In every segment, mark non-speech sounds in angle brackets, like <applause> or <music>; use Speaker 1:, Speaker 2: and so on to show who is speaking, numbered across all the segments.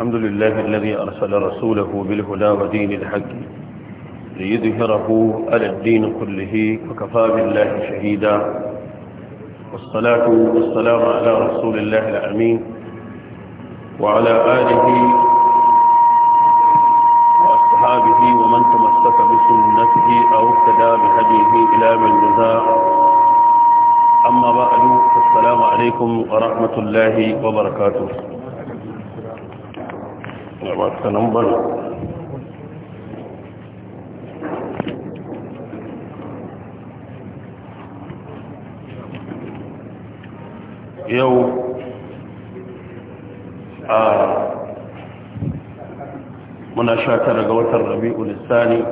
Speaker 1: الحمد لله الذي أرسل رسوله بالهدى ودين الحق ليظهره على الدين كله وكفى بالله شهيدا والصلاة والسلام على رسول الله الأمين وعلى آله وأصحابه ومن تمسك بسنته أو اهتدى بهديه إلى من جزاء أما بعد فالسلام عليكم ورحمة الله وبركاته da ba ta nan bari yau a muna sha tara ga watan rabi'u lissani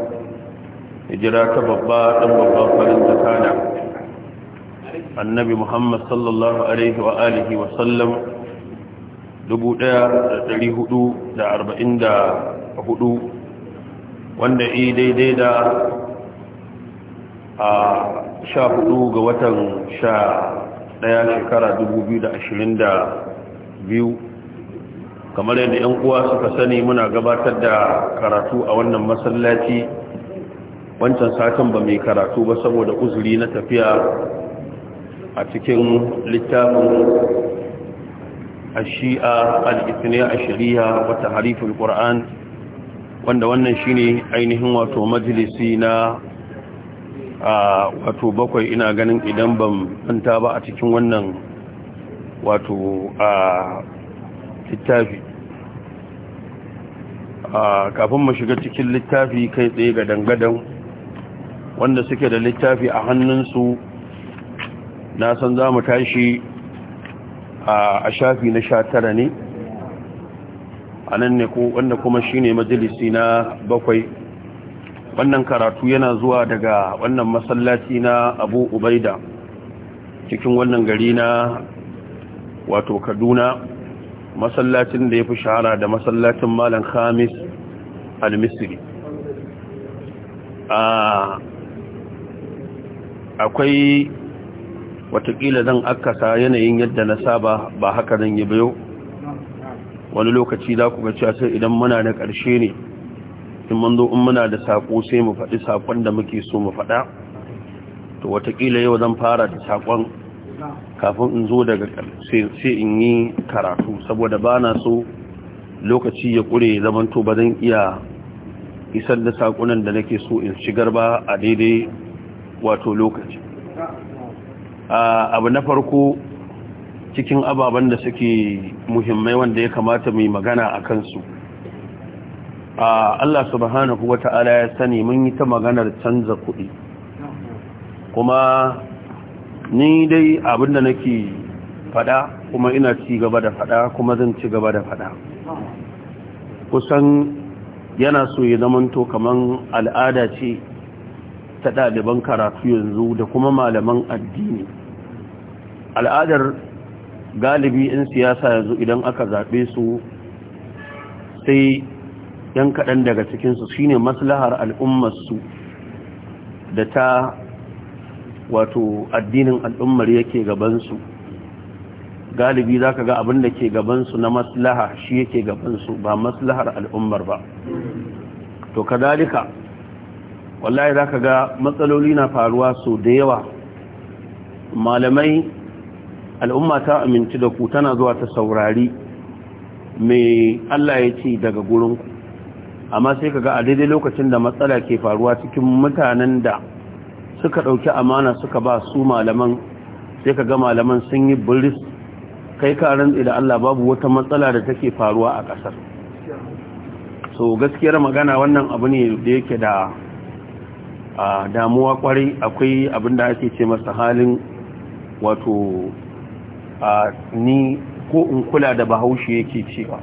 Speaker 1: hijira ta babba ɗan babba farin zakana annabi muhammad sallallahu alaihi wa alihi wa sallam 1444 wanda yi daidai da a 14 ga watan 11 shekara 2022 kamar yadda 'yan uwa suka sani muna gabatar da karatu a wannan masallaci wancan satin ba mai karatu ba saboda uzuri na tafiya a cikin littafin a الاثنية الشريعة وتحريف القرآن wanda wannan shine ainihin wato majalisi na wato bakwai ina ganin idan ban manta ba a cikin wannan wato littafi kafin mu shiga cikin littafi kai tsaye gadangadan, wanda suke da littafi a hannunsu na san za mu tashi a shafi na sha tara ne a nan ne wanda kuma shi ne majalisi na bakwai wannan karatu yana zuwa daga wannan masallaci na abu ubaida cikin wannan gari na wato kaduna masallacin da ya fi shahara da masallacin malam khamis al-misri akwai watakila zan akasa yanayin yadda na saba ba haka zan yi bayo wani lokaci za ku ga cewa sai idan muna da ƙarshe ne in mun in muna da saƙo sai mu faɗi saƙon da muke so mu faɗa to watakila yau zan fara da saƙon kafin in zo daga sai in yi karatu saboda ba na so lokaci ya ƙure zamanto ba zan iya isar da saƙunan da nake so in shigar ba a daidai wato lokaci Ah, abu na farko cikin ababen da suke muhimmai wanda ya kamata mai magana a kansu ah, Allah subhanahu wa ta'ala ya sani mun yi ta maganar canza kuɗi kuma ni dai abin da nake fada kuma ina ci gaba da fada kuma zan ci gaba da fada kusan yana so ya zamanto kamar al'ada ce ta ɗaliban karatu yanzu da kuma malaman addini al'adar galibi in siyasa yanzu idan aka zaɓe su sai yan kaɗan daga cikinsu shine maslahar al'ummarsu da ta wato addinin al'ummar yake gabansu galibi za ka ga abin da ke gabansu na maslaha shi yake gabansu ba maslahar al'ummar ba to kadalika wallahi za ka ga matsaloli na faruwa so da yawa malamai al'umma ta aminci da ku tana zuwa ta saurari mai Allah ya ce daga gurinku amma sai kaga a daidai lokacin da matsala ke faruwa cikin mutanen da suka ɗauki amana suka ba su malaman sai kaga malaman sun yi buris kai karin da Allah babu wata matsala da take faruwa a ƙasar so gaskiyar magana wannan abu ne da yake da damuwa kwarai akwai abin da ake ce masa halin wato a ni ko in kula da bahaushe yake cewa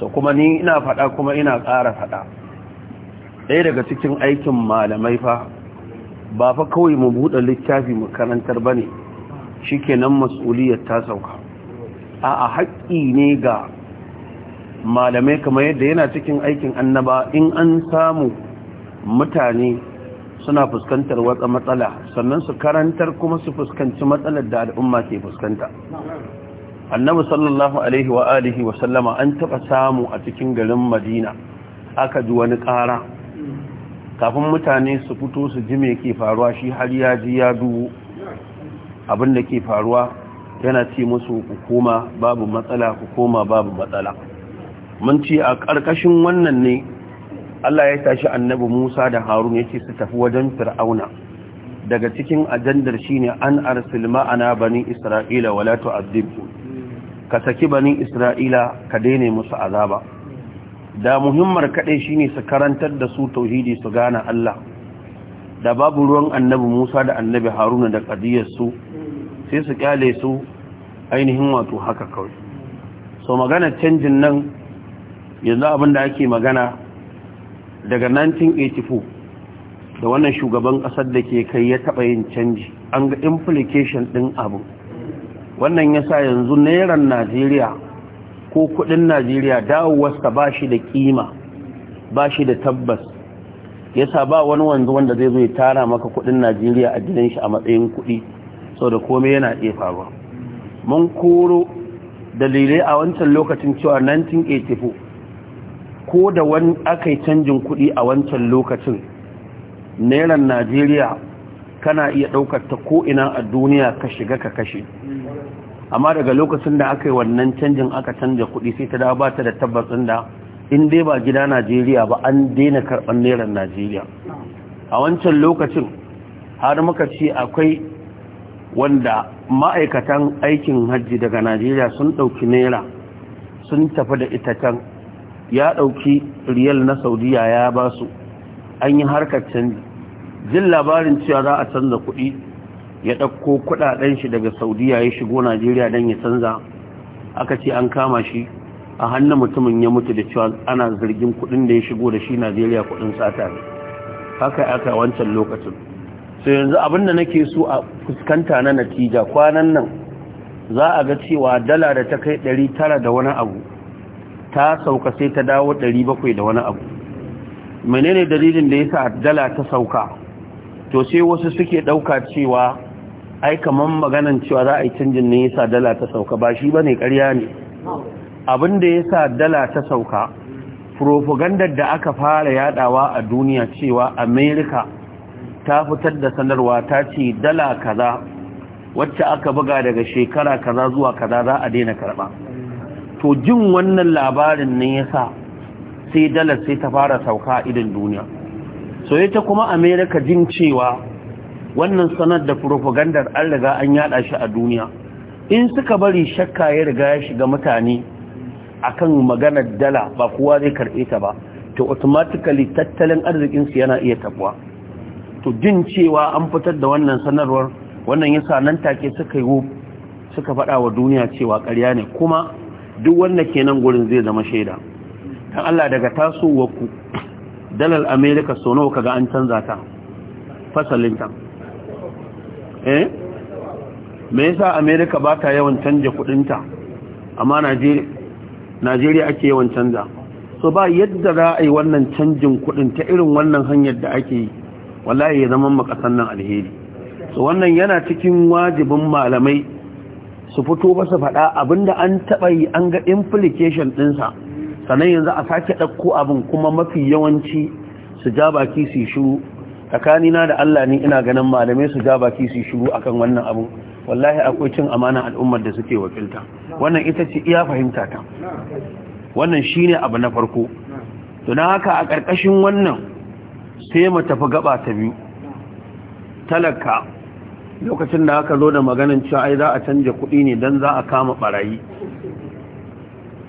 Speaker 1: so kuma ni ina faɗa kuma ina ƙara faɗa ɗaya daga cikin aikin malamai fa ba fa kawai mu buɗe littafi mu karantar ba ne shi kenan mas'uliyar ta sauka a a haƙƙi ne ga malamai kamar yadda yana cikin aikin annaba in an samu mutane suna fuskantar wata matsala sannan su karantar kuma su fuskanci matsalar da al'umma ke fuskanta annabi sallallahu alaihi wa alihi wa sallama an taba samu a cikin garin madina aka ji wani kara kafin mutane su fito su ji me ke faruwa shi har ya ji ya dubu abin da ke faruwa yana ce musu hukuma babu matsala hukuma babu matsala mun ce a ƙarƙashin wannan ne Allah ya tashi annabi Musa da Harun yake su tafi wajen Fir'auna daga cikin ajandar shine an arsil ma'ana bani Isra'ila wala tu'adhibhum ka saki bani Isra'ila ka daina musu azaba da muhimmar kade shine su karantar da su tauhidi su gane Allah da babu ruwan annabi Musa da annabi Haruna da kadiyar su sai su kyale su ainihin wato haka kawai so magana canjin nan yanzu abin da ake magana daga 1984 da wannan shugaban ƙasar da ke kai ya taba yin canji an ga implication ɗin abu wannan ya sa yanzu nairan najeriya ko kudin najeriya dawowarsa ba shi da kima ba shi da tabbas ya sa ba wani wanzu wanda zai zo ya tara maka kudin najeriya a gidan shi a matsayin kudi sau da kome yana iya ba. mun koro dalilai a wancan lokacin cewa 1984 ko da wani aka yi canjin kuɗi a wancan lokacin nairan najeriya kana iya ɗaukar ta ko'ina a duniya ka shiga ka kashe amma daga lokacin da aka yi wannan canjin aka canja kuɗi sai ta dawo ba da tabbacin da in dai ba gida najeriya ba an daina karɓar nairan najeriya a wancan lokacin har muka ce akwai wanda ma'aikatan aikin hajji daga najeriya sun ɗauki naira sun tafi da ita can ya ɗauki riyal na saudiya ya ba su an yi harkar canji jin labarin cewa za a canza kuɗi ya ɗauko kuɗaɗen shi daga saudiya ya shigo najeriya don ya canza aka ce an kama shi a hannun mutumin ya mutu da cewa ana zargin kuɗin da ya shigo da shi najeriya kuɗin sata ne haka aka wancan lokacin sai yanzu abin da nake so a fuskanta na natija kwanan nan za a ga cewa dala da ta kai ɗari tara da wani abu ta sauka sai ta dawo 700 da wani abu menene dalilin da yasa dala ta sauka to sai wasu suke ɗauka cewa ai kaman maganan cewa za a yi canjin ne yasa dala ta sauka ba shi bane ƙarya ne abin da yasa dala ta sauka propaganda da aka fara yadawa a duniya cewa Amerika ta fitar da sanarwa ta ce dala kaza wacce aka buga daga shekara kaza zuwa kaza za a daina karba to jin wannan labarin ne ya sa sai dalar sai ta fara sauka idan duniya so ta kuma amerika jin cewa wannan sanar da propagandar an riga an yada shi a duniya in suka bari shakka ya riga ya shiga mutane a kan maganar dala ba kowa zai karɓe ta ba to automatically tattalin arzikinsu yana iya tabuwa to jin cewa an fitar da wannan sanarwar wannan yasa nan take suka yi suka faɗa wa duniya cewa ƙarya ne kuma duk wanda ke nan gurin zai zama shaida kan Allah daga tasowar ku Dalal America so nawa kaga an canza ta fasalin ta eh me yasa America ba ta yawan canja kudin ta amma Najeriya Najeriya ake yawan canza so ba yadda za a yi wannan canjin kudin ta irin wannan hanyar da ake yi wallahi ya zama makasan nan alheri so wannan yana cikin wajibin malamai su fito ba su faɗa abinda an taɓa yi an ga implication ɗinsa sannan yanzu a sake ɗauko abin kuma mafi yawanci su ja baki su shiru tsakanina da Allah ne ina ganin malamai su ja baki su shiru akan wannan abin. wallahi akwai cin amana al'ummar da suke wakilta wannan ita ce iya fahimta ta wannan shine abu na farko to na haka a ƙarƙashin wannan sai mu tafi gaba ta biyu talaka lokacin da aka zo da maganin cewa ai za a canja kuɗi ne don za a kama ɓarayi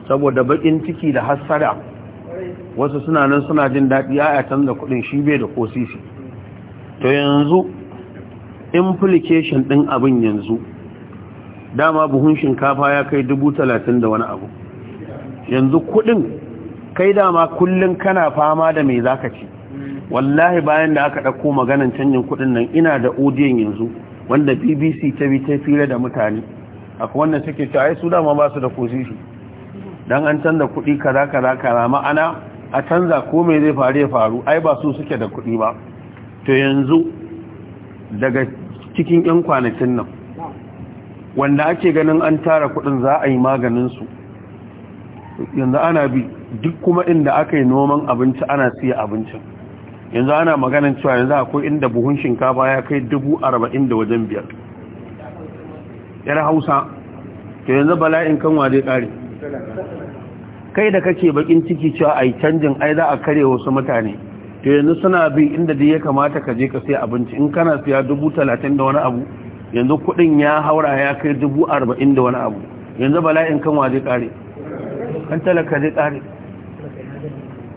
Speaker 1: saboda baƙin ciki da hassada wasu suna nan suna jin daɗi a canza kuɗin shi bai da kosisi to yanzu implication ɗin abin yanzu dama buhun shinkafa ya kai dubu talatin da wani abu yanzu kuɗin kai dama kullum kana fama da mai zaka ci wallahi bayan da aka ɗauko maganan canjin kuɗin nan ina da odiyan yanzu wanda bbc ta bi ta fira da mutane akwai wanda suke ta ai su dama ba su da kosisi don an canza kuɗi kaza kaza kaza ma'ana a canza ko mai zai faru ya faru ai ba su suke da kuɗi ba to yanzu daga cikin 'yan kwanakin nan wanda ake ganin an tara kuɗin za a yi maganinsu yanzu ana bi duk kuma inda aka yi noman abinci ana siya abincin yanzu ana maganin cewa yanzu akwai inda buhun shinkafa ya kai dubu arba'in da wajen biyar yar hausa to yanzu bala'in kanwa zai kare kai da kake bakin ciki cewa a yi canjin ai za a kare wasu mutane to yanzu suna bi inda da ya kamata ka je ka sai abinci in kana siya dubu talatin da wani abu yanzu kudin ya haura ya kai dubu arba'in da wani abu yanzu bala'in kanwa zai kare kan talaka zai kare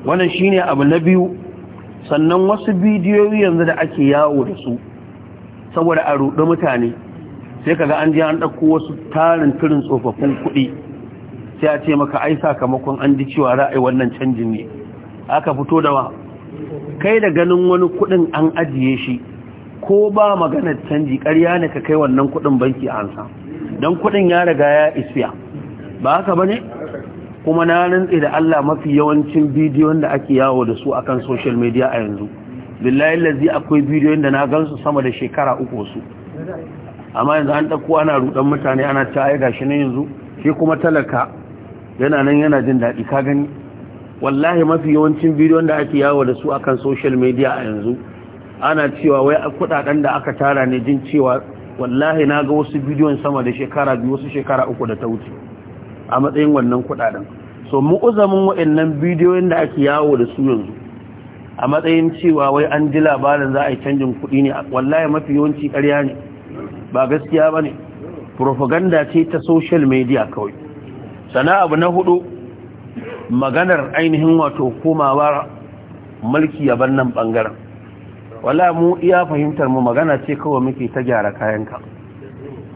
Speaker 1: wannan shine abu na biyu sannan wasu bidiyoyi yanzu da ake yawo da su saboda a ruɗe mutane sai ka ga an ji an ɗauko wasu tarin turin tsofaffin kuɗi sai a ce maka ai sakamakon an ji cewa ra'ayi wannan canjin ne aka fito da wa kai da ganin wani kuɗin an ajiye shi ko ba maganar canji ƙarya ne ka kai wannan kuɗin banki a ansa don kuɗin ya riga ya isfiya ba haka ba ne kuma na rantsi da Allah mafi yawancin bidiyon da ake yawo da su akan social media a yanzu billahi lazi akwai bidiyon da na gansu sama da shekara uku su amma yanzu an ɗauko ana rudan mutane ana ta ai gashi ne yanzu shi kuma talaka yana nan yana jin daɗi ka gani wallahi mafi yawancin bidiyon da ake yawo da su akan social media a yanzu ana cewa wai kudaden da aka tara ne jin cewa wallahi na ga wasu bidiyon sama da shekara biyu wasu shekara uku da ta wuce a matsayin wannan kudaden so uzamin waɗannan bidiyoyin da ake yawo da su yanzu a matsayin cewa wai an ji labarin za a yi canjin kuɗi ne wallahi mafi yawanci ƙarya ne ba gaskiya ba ne propaganda ce ta social media kawai sana abu na hudu maganar ainihin wato komawa mulki a bannan bangaren wala mu iya fahimtar mu magana ce kawai muke ta gyara kayan ka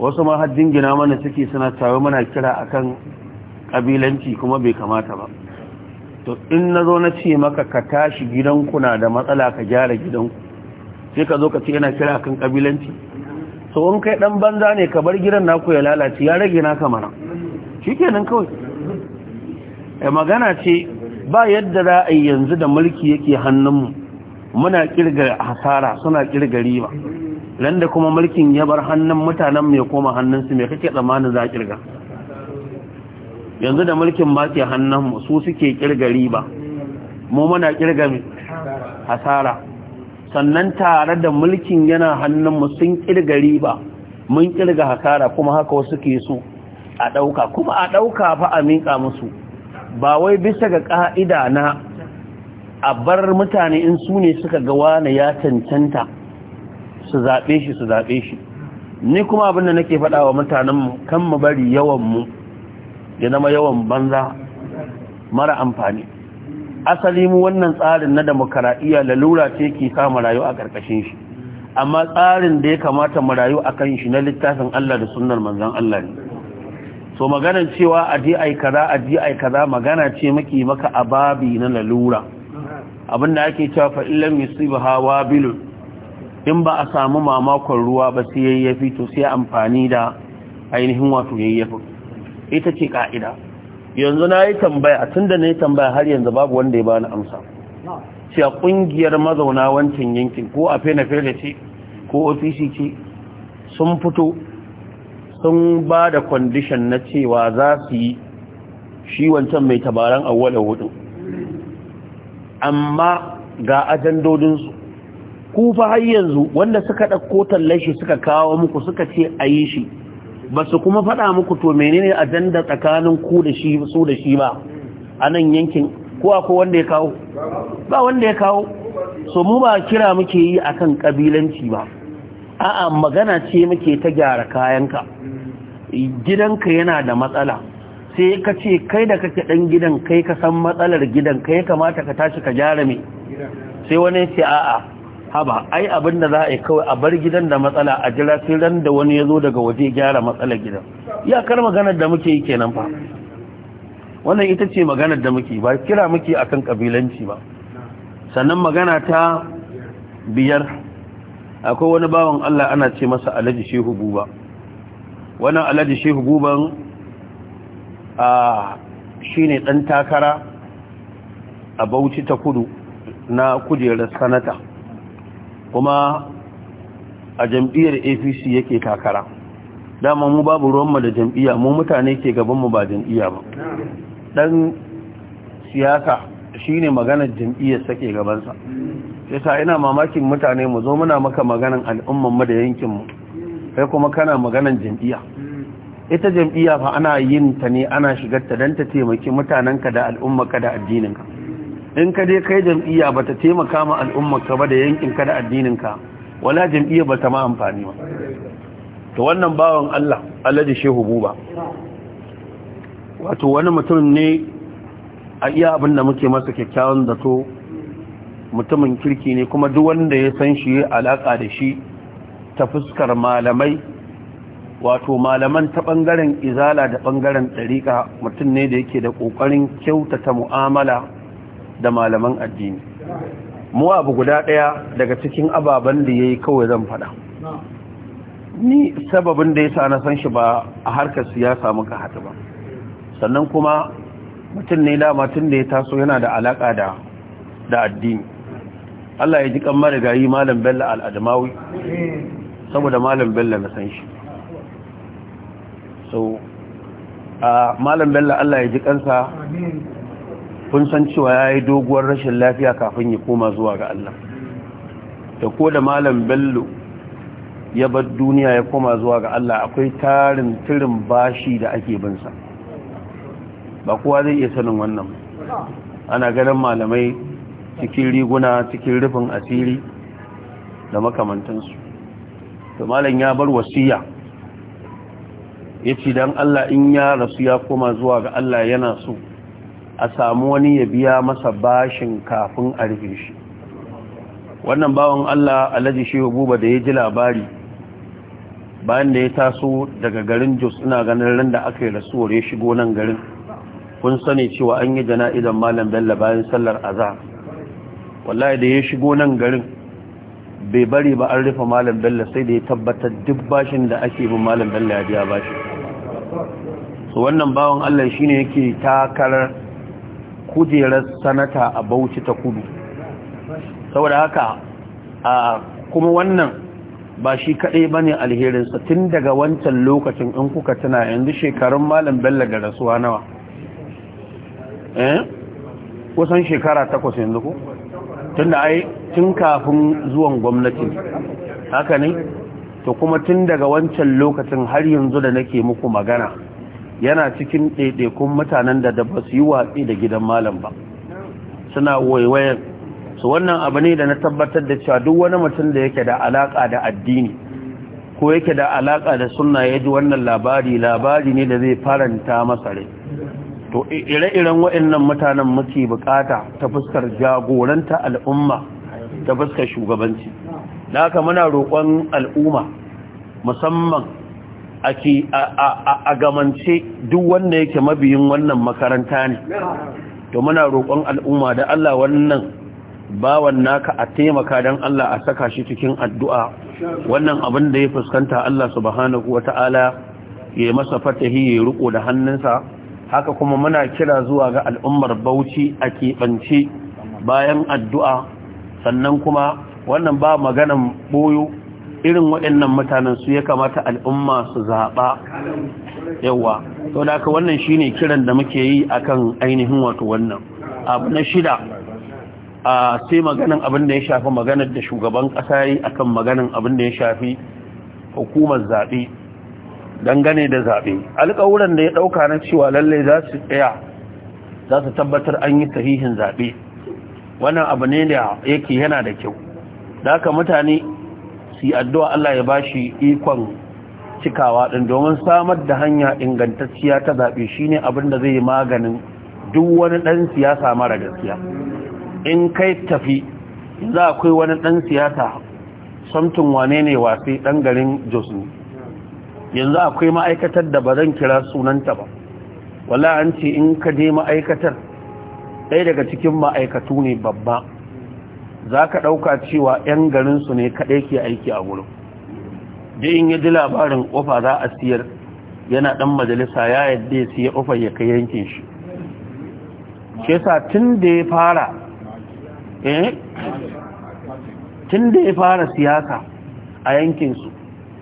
Speaker 1: wasu ma har dingina mana suke suna tawo muna kira akan kabilanci kuma bai kamata ba to in na zo na ce maka ka tashi gidanku na da matsala ka gyara gidanku sai ka zo ka ce yana kira kan kabilanci so in kai ɗan banza ne ka bar gidan naku ya lalace ya rage naka mana shi kenan kawai eh, magana ce ba yadda za a yanzu da mulki yake hannunmu muna kirga hasara suna kirga riba landa kuma mulkin ya bar hannun mutanen ya koma hannunsu mai kake tsammanin za a kirga yanzu da mulkin ba ke hannunmu su suke kirga riba mu muna kirga hasara sannan tare da mulkin yana hannun mu sun kirga riba mun kirga hasara kuma haka wasu ke so a ɗauka kuma a ɗauka fa a miƙa musu ba wai bisa ga ƙa'ida na a bar mutane in su ne suka ga wane ya cancanta su zaɓe shi su zaɓe shi ni kuma abin da nake faɗa wa mutanenmu kan mu bari yawanmu ya zama yawan banza mara amfani asali mu wannan tsarin na demokaradiyya lalura ce ke sa marayu a karkashin shi amma tsarin da ya kamata marayu a kan shi na littafin Allah da sunnar manzon Allah ne so maganar cewa a ji ai kaza a ji ai kaza magana ce maki maka ababi na lalura abinda ake cewa fa illam hawa wabil in ba a samu mamakon ruwa ba sai yayyafi to sai amfani da ainihin wato yayyafi ita ce ka'ida yanzu na yi tambaya tun da na yi tambaya har yanzu babu wanda ya bani amsa ce a kungiyar mazauna wancan yankin ko a fena fena ce ko ofisi ce sun fito sun ba da kwandishan na cewa za su yi shi wancan mai tabaran awwala hudu amma ga ajandodinsu ku fa har yanzu wanda suka ɗauko tallashi suka kawo muku suka ce a yi shi ba su kuma faɗa muku to menene a ajanda tsakanin ku da shi su da shi ba a nan yankin ko akwai wanda ya kawo ba wanda ya kawo so mu ba kira muke yi akan kabilanci ba a'a magana ce muke ta gyara kayanka gidanka yana da matsala sai ka ce kai da kake dan gidan kai ka san matsalar gidan kai kamata ka tashi ka gyara me sai wani ce a'a haba ai abin da za a yi kawai a bar gidan da matsala a jira sai ran da wani ya zo daga waje gyara matsalar gidan ya kar maganar da muke yi kenan fa wannan ita ce maganar da muke ba kira muke akan kabilanci ba sannan magana ta biyar akwai wani bawan Allah ana ce masa alhaji shehu guba wannan alhaji shehu guban a shine dan takara a Bauchi ta Kudu na kujerar sanata kuma a jam'iyyar apc yake takara dama mu babu ruwanmu da jam'iyya mu mutane ke gabanmu ba jam'iyya ba dan siyasa shi ne maganar jam'iyyar sake gabansa yasa ina mamakin mutane mu zo muna maka maganar al'umman mu da yankinmu kai kuma kana maganar jam'iyya ita jam'iyya fa ana yin ta ne ana shigarta ta dan ta taimaki mutanenka da al'ummarka da addininka in ka je kai jam'iyya ba ta taimaka ma al'ummarka ba da yankin ka da addininka wala jam'iyya ba ta ma amfani ba to wannan bawan Allah alhaji shehu buba wato wani mutum ne a iya abin da muke masa kyakkyawan zato mutumin kirki ne kuma duk wanda ya san shi alaka da shi ta fuskar malamai wato malaman ta bangaren izala da bangaren ɗarika mutum ne da yake da ƙoƙarin kyautata mu'amala da malaman addini mu abu guda ɗaya daga cikin ababen da yayi kawai zan faɗa ni sababin da ya sa na san shi ba a harkar siyasa muka haɗu ba sannan kuma mutum ne dama tun da ya taso yana da alaka da da addini Allah ya ji kan marigayi malam bello adamawi saboda malam bello na san shi so a malam bello Allah ya ji kansa kun san cewa ya yi doguwar rashin lafiya kafin ya koma zuwa ga Allah da ko da malam bello ya bar duniya ya koma zuwa ga Allah akwai tarin tirin bashi da ake binsa ba kowa zai iya sanin wannan ana ganin malamai cikin riguna cikin rufin asiri da makamantansu to malam ya bar wasiya ya dan don Allah in ya rasu ya koma zuwa ga Allah yana so a samu wani ya biya masa bashin kafin a rufe shi wannan bawan Allah alhaji shehu buba da ya ji labari bayan da ya taso daga garin jos ina ganin ran da aka yi rasuwar ya shigo nan garin kun sani cewa an yi jana'izan malam bello bayan sallar aza wallahi da ya shigo nan garin bai bari ba an rufe malam bello sai da ya tabbatar duk bashin da ake bin malam bello ya biya bashi su wannan bawan Allah shine yake takarar kujerar sanata a bauchi ta kudu saboda haka a kuma wannan ba shi kaɗai ba ne alherinsa tun daga wancan lokacin in kuka tuna yanzu shekarun malam bello da rasuwa nawa eh kusan shekara takwas yanzu ku tun da ai tun kafin zuwan gwamnati haka ne to kuma tun daga wancan lokacin har yanzu da nake muku magana yana cikin ɗaiɗaikun mutanen da da ba su yi watsi da gidan malam ba suna waiwayen su wannan abu ne da na tabbatar da cewa duk wani mutum da yake da alaƙa da addini ko yake da alaƙa da suna ya ji wannan labari labari ne da zai faranta masa rai to ire-iren waɗannan mutanen muke bukata ta fuskar jagoranta al'umma ta fuskar shugabanci da haka muna roƙon al'umma musamman a gamance duk wanda yake mabiyin wannan makaranta ne to muna roƙon al'umma da Allah wannan bawan naka a taimaka don Allah a saka shi cikin addu'a wannan abin da ya fuskanta Allah subhanahu ta'ala ya yi masa fatahi ya riko da hannunsa haka kuma muna kira zuwa ga al'ummar bauchi a keɓance bayan addu'a sannan kuma wannan ba maganan boyo irin waɗannan mutanen su ya kamata al'umma su zaɓa yawa to da aka wannan shine kiran da muke yi akan ainihin wato wannan abu na shida a sai maganin abin da ya shafi maganar da shugaban ƙasa yi akan maganin abin da ya shafi hukumar zaɓe dangane da zaɓe alƙawuran da ya ɗauka na cewa lallai za su tsaya za su tabbatar an yi sahihin zaɓe wannan abu ne da yake yana da kyau da aka mutane su addu'a Allah ya ba shi ikon cikawa ɗin domin samar da hanya ingantacciya ta zaɓe shine abin da zai yi maganin duk wani dan siyasa mara gaskiya in kai tafi za akwai wani ɗan siyasa samtun wane ne wasai ɗan garin Jos yanzu akwai ma'aikatar da ba zan kira sunanta ba wallahi an ce in ka je ma'aikatar ɗaya daga cikin ma'aikatu ne babba za ka ɗauka cewa 'yan garinsu ne kaɗai ke aiki a wurin da in ya ji labarin ƙofa za a siyar yana ɗan majalisa ya yadda ya siya ƙofar ya kai yankin shi Ke sa tun da ya fara eh, tun da ya fara siyasa a yankinsu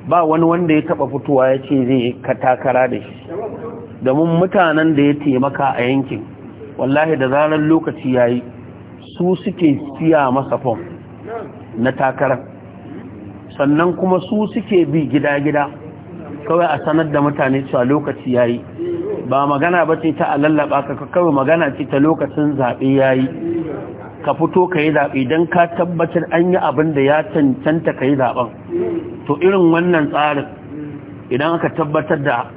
Speaker 1: ba wani wanda ya taɓa fitowa ya ce zai katakara da shi domin mutanen da ya taimaka a yankin wallahi da zarar lokaci ya yi su suke siya masa fom na takarar sannan kuma su suke bi gida-gida kawai a sanar da mutane cewa lokaci yayi ba magana ba ce ta alallaba ka kawai magana ce ta lokacin zaɓe yayi ka fito ka yi zaɓe don ka tabbatar an yi abin da ya cancanta ka yi zaɓen to irin wannan tsarin idan aka tabbatar da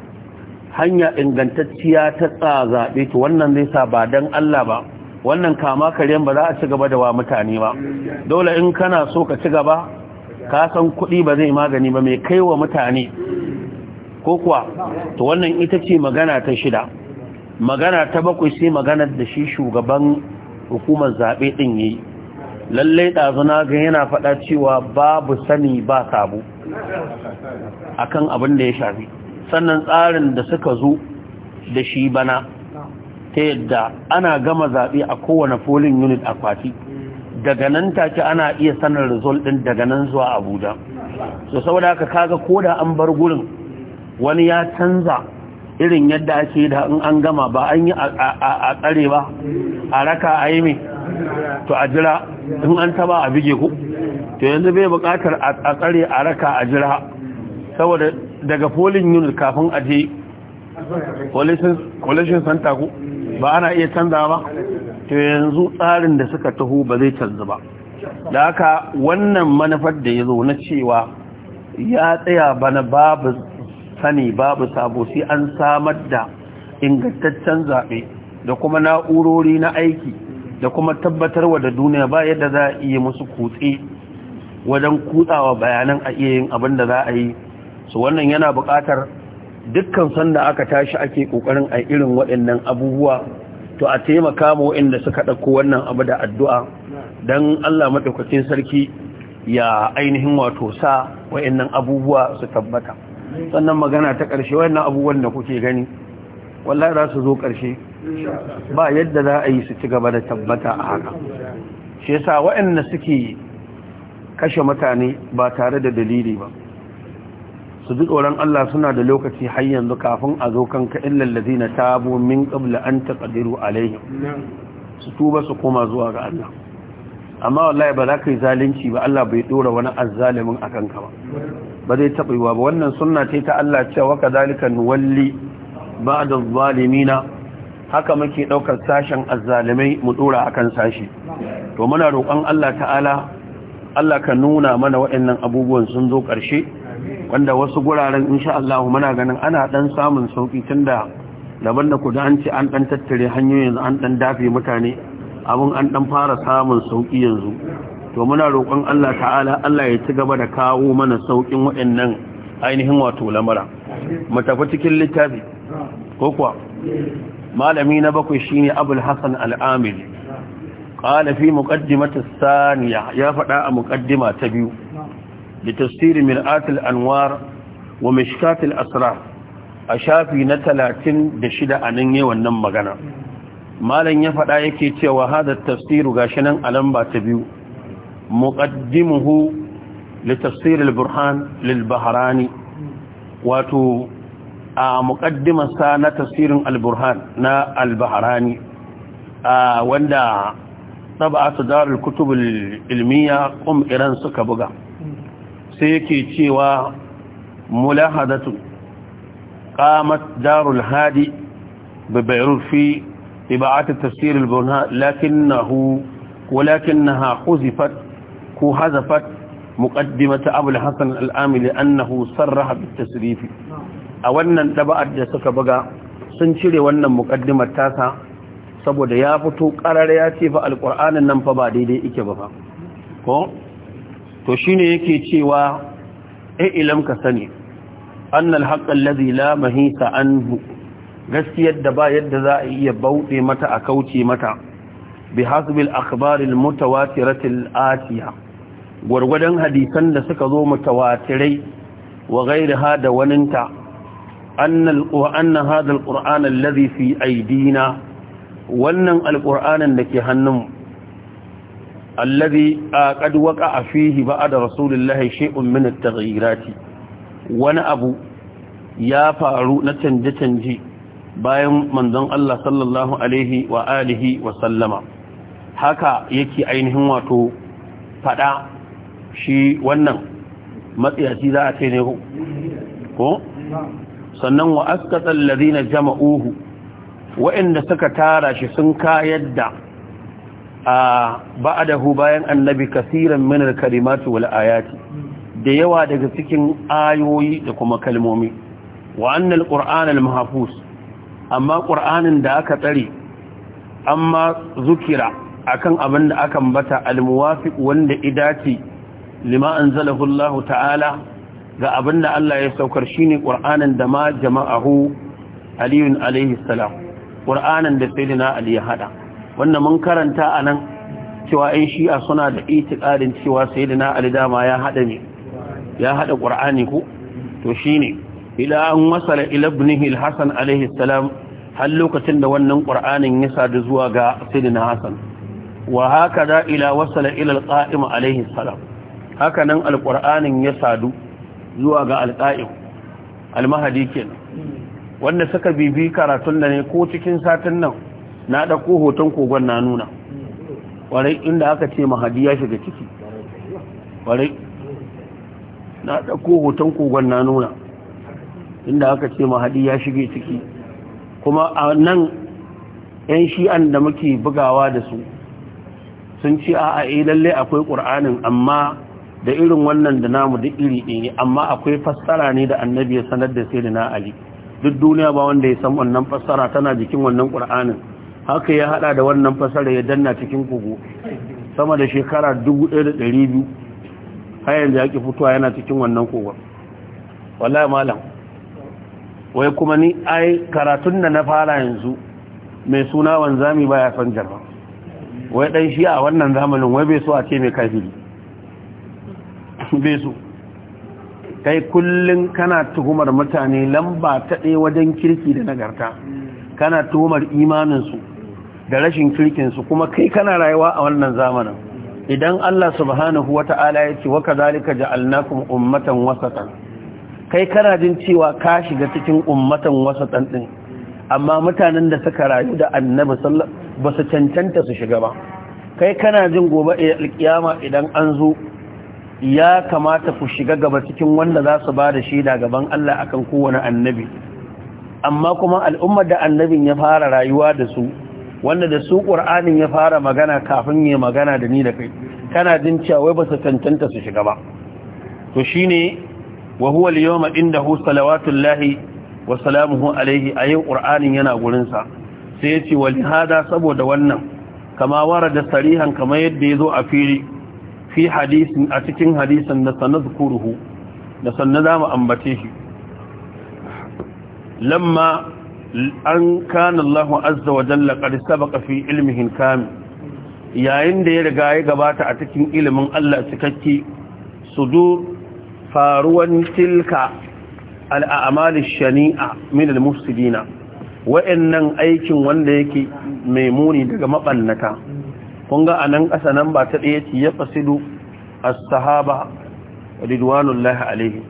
Speaker 1: hanya ingantacciya ta tsa zaɓe to wannan zai sa ba don Allah ba wannan kama karyan ba za a ci gaba da wa mutane ba dole in kana so ka ci gaba ka san kuɗi ba zai magani ba mai kai wa mutane ko kuwa to wannan ita ce magana ta shida magana ta bakwai sai magana da shi shugaban hukumar zaɓe ɗin yi lallai ɗazuna ga yana faɗa cewa babu sani ba sabo akan abin da ya shafi sannan tsarin da suka zo da shi bana ta yadda ana gama zaɓe a kowane folin unit a kwati daga nan ta ce ana iya sanar result ɗin daga nan zuwa abuja so saboda haka kaga ko da an bar gurin wani ya canza irin yadda ake da in an gama ba an yi a tsare ba a raka a yi mai to a jira in an taba a bige ku to yanzu bai bukatar a tsare a raka a jira saboda daga polling unit kafin a je collision center ku ba ana iya canza ba to yanzu tsarin da suka taho ba zai canza ba da haka wannan manufar da ya zo na cewa ya tsaya bana babu sani babu sabo sai an samar da ingantaccen zaɓe da kuma na'urori na aiki da kuma tabbatarwa da duniya ba yadda za a iya musu kutse wajen kutsawa bayanan a iya yin abin da za a yi su wannan yana buƙatar dukkan sanda aka tashi ake kokarin a irin waɗannan abubuwa to a taimaka mu waɗanda suka ɗauko wannan abu da addu'a don Allah maɗaukacin sarki ya ainihin wato sa waɗannan abubuwa su tabbata sannan magana ta ƙarshe waɗannan abubuwan da kuke gani wallahi za su zo ƙarshe ba yadda za a yi su ci gaba da tabbata a haka shi yasa waɗanda suke kashe mutane ba tare da dalili ba su ji tsoron Allah suna da lokaci har yanzu kafin a zo kanka illal ladina tabu min qabla an taqdiru alaihim su tuba su koma zuwa ga Allah amma wallahi ba za ka yi zalunci ba Allah bai dora wani azzalimin akan ka ba ba zai taba yiwa ba wannan sunna ce ta Allah cewa walli nuwalli ba'da zalimina haka muke daukar sashen azzalimai mu dora akan sashi to muna roƙon Allah ta'ala Allah ka nuna mana waɗannan abubuwan sun zo ƙarshe wanda wasu guraren insha Allah muna ganin ana dan samun sauki tunda daban da kuda an ce an dan tattare hanyoyin an dan dafe mutane abun an dan fara samun sauki yanzu to muna roƙon Allah ta'ala Allah ya ci gaba da kawo mana saukin waɗannan ainihin wato lamara mu tafi cikin littafi ko kuwa malami na bakwai shine Abul Hasan Al-Amili qala fi muqaddimati Saniya ya faɗa a muqaddima ta biyu لتفسير مرآة الأنوار ومشكات الأسرار أشافي نتلاتين دشد أنني ونم ما لن يفعل آيكي تيوى هذا التفسير غاشنا ألم تبيو مقدمه لتفسير البرحان للبهراني واتو مقدم سانة تفسير البرحان نا البهراني واندا طبعة دار الكتب العلمية قم إيران سكبغا sai yake cewa mulahadatu qamat darul hadi bi bayrut fi ibaat at-tafsir al-bunha lakinnahu walakinnaha huzifat ku hazafat muqaddimat abul hasan al-amili annahu sarraha bit tasrif a wannan daba'at da suka buga sun cire wannan muqaddimar tasa saboda ya fito qarar ya ce fa al nan fa ba daidai yake ba fa ko to shine yake cewa ai eh, ilam ka sani annal haqqal ladhi la mahisa gaskiyar da ba yadda za a iya bauɗe mata a kauce mata bi hasbil akhbaril mutawatiratil atiya gwargwadon hadisan da suka zo mutawatirai wa ghayriha da waninta annal wa anna hadha alquran alladhi fi aidina, wannan da ke hannunmu a qad waqa'a fihi da rasulillahi shay'un min minita taghyirati wani abu ya faru na canje-canje bayan manzon Allah sallallahu alaihi wa alihi wa sallama haka yake ainihin wato fada shi wannan matsayaci za a ce ne ko sannan wa tsallari na jama'uhu wa'anda suka tara shi sun kayar da a ba'adahu bayan annabi kasiran min al-kalimatu wal ayati da yawa daga cikin ayoyi da kuma kalmomi wa anna al-qur'an al-mahfuz amma qur'anin da aka tsare amma zukira akan abin da aka ambata al-muwafiq wanda idati lima anzalahu Allah ta'ala ga abin da Allah ya saukar shine qur'anin da ma jama'ahu aliyun alayhi salam qur'anin da sayyidina ali ya hada wanda mun karanta a nan cewa ‘yan shi'a suna da itikadin cewa sai da na alidama ya haɗa ne ya haɗa ƙur'ani ku to shi ne ila an wasala ilabnihi hassan alaihi salam har lokacin da wannan ƙur'anin ya sadu zuwa ga sidina hassan wa haka da ila wasala ilal alƙa'im alaihi salam haka nan alƙur'anin ya sadu zuwa ga alƙa'im almahadi kenan wanda suka bibi karatun da ne ko cikin satin nan na ɗauko hoton kogon na nuna ƙwarai inda aka ce mahadi ya shiga ciki ƙwarai na ɗauko hoton kogon na nuna inda aka ce mahadi ya shiga ciki kuma a nan 'yan shi'an da muke bugawa da su sun ce a a eh, lalle akwai ƙur'anin amma da irin wannan da namu duk iri ɗini ne amma akwai fassara ne da annabi ya sanar da sai na ali duk duniya ba wanda ya san wannan fassara tana jikin wannan ƙur'anin haka ya hada da wannan fasara ya danna cikin kogo sama da shekara 1200 har yanzu ya fitowa yana cikin wannan kogon wallahi malam wai kuma ni ai karatun da na fara yanzu mai suna wanzami baya son jarba wai dan shi a wannan zamanin wai bai so a ce mai kafiri bai so kai kullun kana tuhumar mutane lamba ta ɗaya wajen kirki da nagarta kana tuhumar imaninsu da rashin kirkin su kuma kai kana rayuwa a wannan zamanin idan Allah subhanahu wa ta'ala ya ce wa kazalika ja'alnakum ummatan wasatan kai kana jin cewa ka shiga cikin ummatan wasatan din amma mutanen da suka rayu da annabi sallallahu ba su cancanta su shiga ba kai kana jin gobe alkiyama idan an zo ya kamata ku shiga gaba cikin wanda za su ba da shaida gaban Allah akan kowane annabi amma kuma al'ummar da annabin ya fara rayuwa da su wanda da su ƙur'anin ya fara magana kafin ya magana da ni da kai kana jin cewa wai ba su tantanta su shiga ba to shine wa huwa al-yawma indahu salawatullahi wa salamuhu alayhi ayu ƙur'anin yana gurinsa. sa sai yace wa hada saboda wannan kama da sarihan kama yadda ya zo a fili fi hadisin a cikin hadisin da sanadkuruhu da sanna mu ambace shi lamma an kana Allah azza wa jalla qad sabaka fi ilmihin kamil yayin da ya riga ya gabata a cikin ilimin Allah cikakke sudur faruwan tilka al'amal shani'a min al-mufsidina aikin wanda yake mai muni daga mabannata kun ga anan ƙasa nan ba ta ɗaya ce ya fasidu as-sahaba ridwanullahi alaihi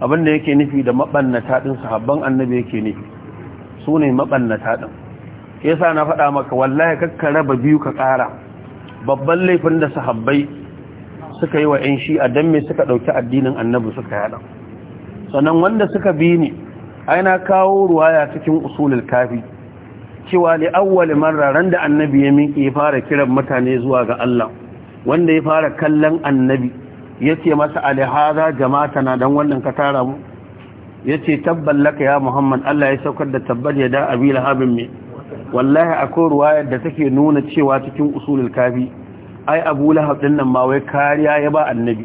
Speaker 1: abinda yake nufi da maɓannata din sahabban annabi yake nufi su ne maɓannata ɗin yasa na faɗa maka wallahi kakkara raba biyu ka ƙara babban laifin da sahabbai suka yi wa 'yan shi a don mai suka ɗauki addinin annabi suka yaɗa sannan wanda suka bi ne aina kawo ruwaya cikin usulul kafi cewa li awwal marra da annabi ya minki ya fara kiran mutane zuwa ga Allah wanda ya fara kallon annabi ya ce masa alihaza jama'a tana don wannan ka tara mu yace tabban laka ya muhammad Allah ya saukar da tabbar ya da abi lahabin me wallahi akwai ruwayar da take nuna cewa cikin usulul kafi ai abu lahab din nan ma wai kariya ya ba annabi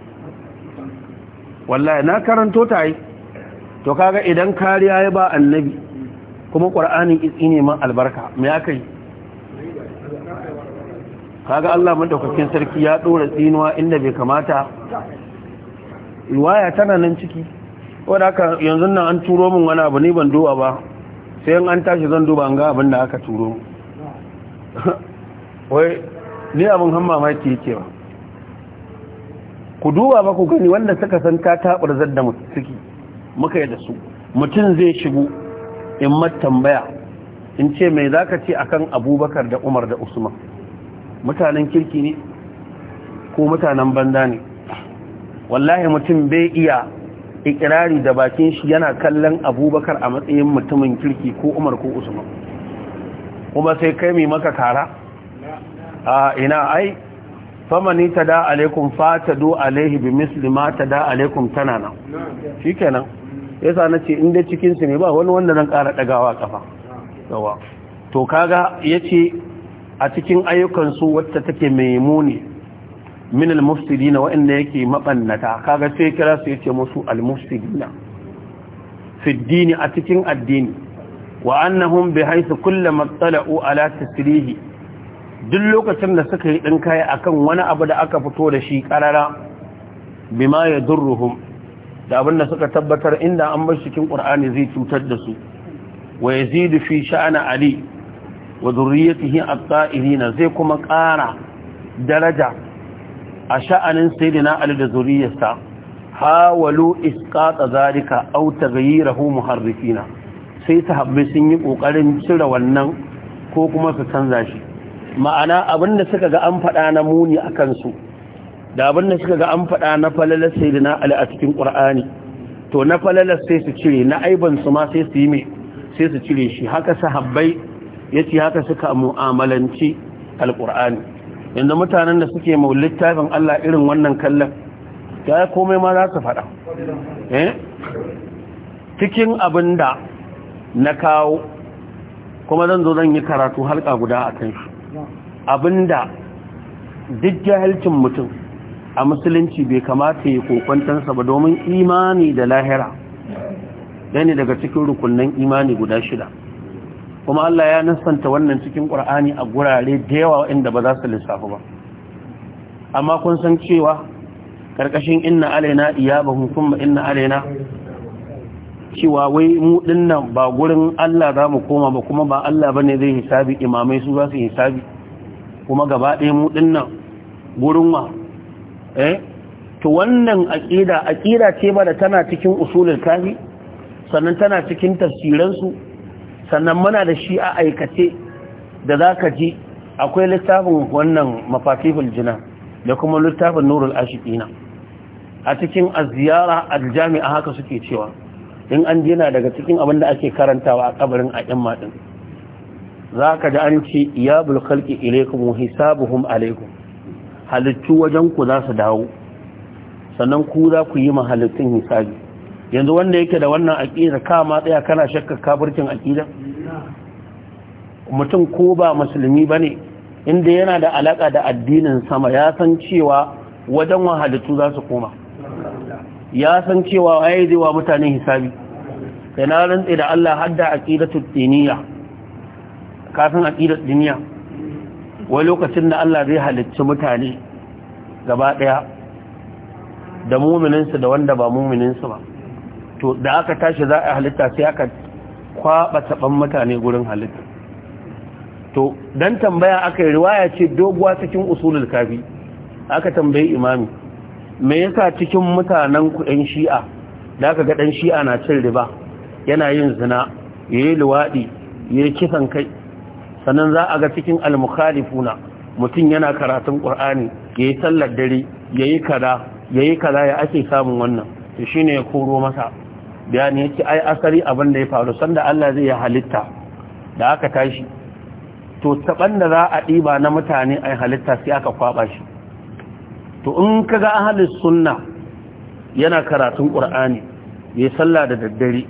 Speaker 1: wallahi na karanto ta yi to kaga idan kariya ya ba annabi kuma qur'anin itsi ne man albarka me yi kaga Allah madaukakin sarki ya dora tsinuwa inda bai kamata Ruwaya tana nan ciki wadda aka yanzu nan an turo min wani abu ne ban duba ba sai an tashi zan duba an ga abin da aka turo <laughs> wai ni abin hamma yake ba ku duba ba ku gani wanda suka san ta taɓar zadda suke muka yi da su mutum zai shigo in tambaya in ce mai za ka ce kan abubakar da umar da usman mutanen kirki ne ko mutanen banda ne wallahi mutum bai iya ikirari da bakin shi yana kallon abubakar a matsayin mutumin kirki ko umar ko usman kuma sai kai mai maka kara a ina ai famani ta da alaikun fata do alaihi bi muslima ta da alaikun tana nan shi kenan yasa na ce inda cikinsu ne ba wani wanda nan kara dagawa kafa to kaga ce a cikin ayyukansu wacce take mai muni min al na wa'anda yake mabannata kaga sai kira su yace musu al na. fi dini a cikin addini wa annahum bi haythu kullama tala'u ala tasrihi duk lokacin da suka yi din kai akan wani abu da aka fito da shi karara bima yadurruhum da abin da suka tabbatar inda an bar cikin qur'ani zai cutar da su wa yazidu fi sha'ana ali wa dhurriyyatihi at-ta'irina zai kuma ƙara daraja a sha'anin sayyidina ali da zuriyarsa hawalu isqata zalika aw taghyirahu muharrifina sai habbe sun yi kokarin cire wannan ko kuma su canza shi ma'ana abinda suka ga an faɗa na muni akan su da abinda suka ga an faɗa na falalar sayyidina ali a cikin qur'ani to na falala sai su cire na aiban su ma sai su yi me sai su cire shi haka sahabbai yace haka suka mu'amalanci alqur'ani yanzu mutanen da suke mau littafin Allah irin wannan kallon ya komai ma za su faɗa eh? cikin abin da na kawo kuma zan zo zan yi karatu halka guda a kan shi abin da duk jahilcin mutum a musulunci bai kamata ya kokwantansa ba domin imani da lahira ɗani daga cikin rukunin imani guda shida kuma Allah ya nasanta wannan cikin Qur'ani a gurare da yawa inda ba za su lissafi ba amma kun san cewa ƙarƙashin inna alaina iyabahum kuma inna alaina cewa wai mu dinnan ba gurin Allah za mu koma ba kuma ba Allah ba ne zai hisabi imamai su za su hisabi kuma gaba ɗaya mu dinnan gurin wa eh to wannan aqida aqida ce ba da tana cikin usulul kafi sannan tana cikin tafsiransu sannan muna da shi a aikace da za ka ji akwai littafin wannan mafatihul jina da kuma littafin nurul ashiqina a cikin aziyara a jami'a haka suke cewa in an jina daga cikin abin da ake karantawa a kabarin a yan maɗin za ka ji an ce ya bulkalki ilaikum hisabuhum alaikum halittu wajen ku za su dawo sannan ku za ku yi mahalittun hisabi yanzu wanda yake da wannan aƙida kama ma tsaya kana shakka kafircin aƙida mutum ko ba musulmi bane inda yana da alaka da addinin sama ya san cewa wajen wahalittu za su koma ya san cewa waye zai wa mutane hisabi kai na rantsi da Allah hadda aqidatu diniya kafin aqidatu duniya wai lokacin da Allah zai halicci mutane gaba daya da mu'minin da wanda ba mu'minin ba to da aka tashi za a halitta sai aka kwaba taban mutane gurin halitta to dan tambaya aka yi riwaya ce doguwa cikin usulul kafi aka tambayi imami me yasa cikin mutanen ku shi'a da aka ga ɗan shi'a na cin riba yana yin zina yayi luwadi yayi kisan kai sannan za a ga cikin al-mukhalifuna mutum yana karatun qur'ani yayi sallar dare yayi kaza yayi kaza ya ake samun wannan to shine ya koro masa bayani yake ai asali abin da ya faru sanda Allah zai ya halitta da aka tashi to taban da za a ɗiba na mutane ai halitta sai aka kwaba shi to in kaga ahli sunna yana karatun qur'ani yayi sallah da daddare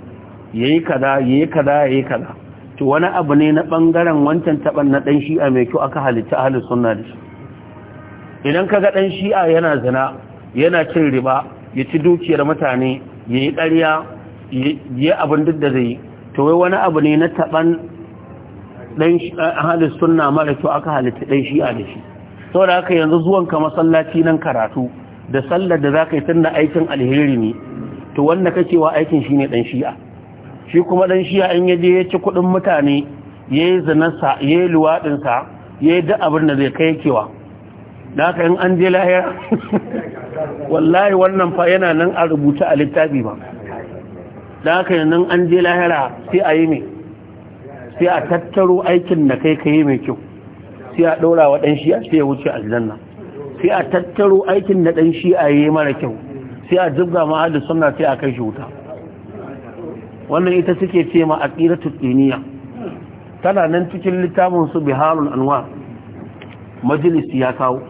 Speaker 1: yayi kaza yayi kaza yayi kaza to wani abu ne na bangaren wancan taban na dan shi'a mai kyau aka halitta ahli sunna da shi idan kaga dan shi'a yana zina yana cin riba ya ci dukiyar mutane yayi ƙarya yi abin duk da zai to wai wani abu ne na taban dan ahlus sunna mara kyau aka halitta dan shi'a da shi saboda haka yanzu zuwan ka masallaci nan karatu da sallar da zaka yi tunda aikin alheri ne to wanda kake wa aikin shine dan shi'a shi kuma dan shi'a in yaje ya ci kudin mutane yayi zinarsa yayi luwadin sa yayi duk abin da zai kai kewa da haka in an je lahira <laughs> wallahi wannan fa yana nan a rubuta a littafi ba da haka yanzu an je lahira sai a yi mai sai a tattaro aikin da kai ka yi mai kyau sai a ɗora wa ɗan shi'a sai ya wuce nan sai a tattaro aikin da ɗan shi'a ya yi mara kyau sai a jibga ma'adu suna sai a kai shi wuta wannan ita suke ce ma aqidatu diniya tana nan cikin littafin su harun anwa majalis ya kawo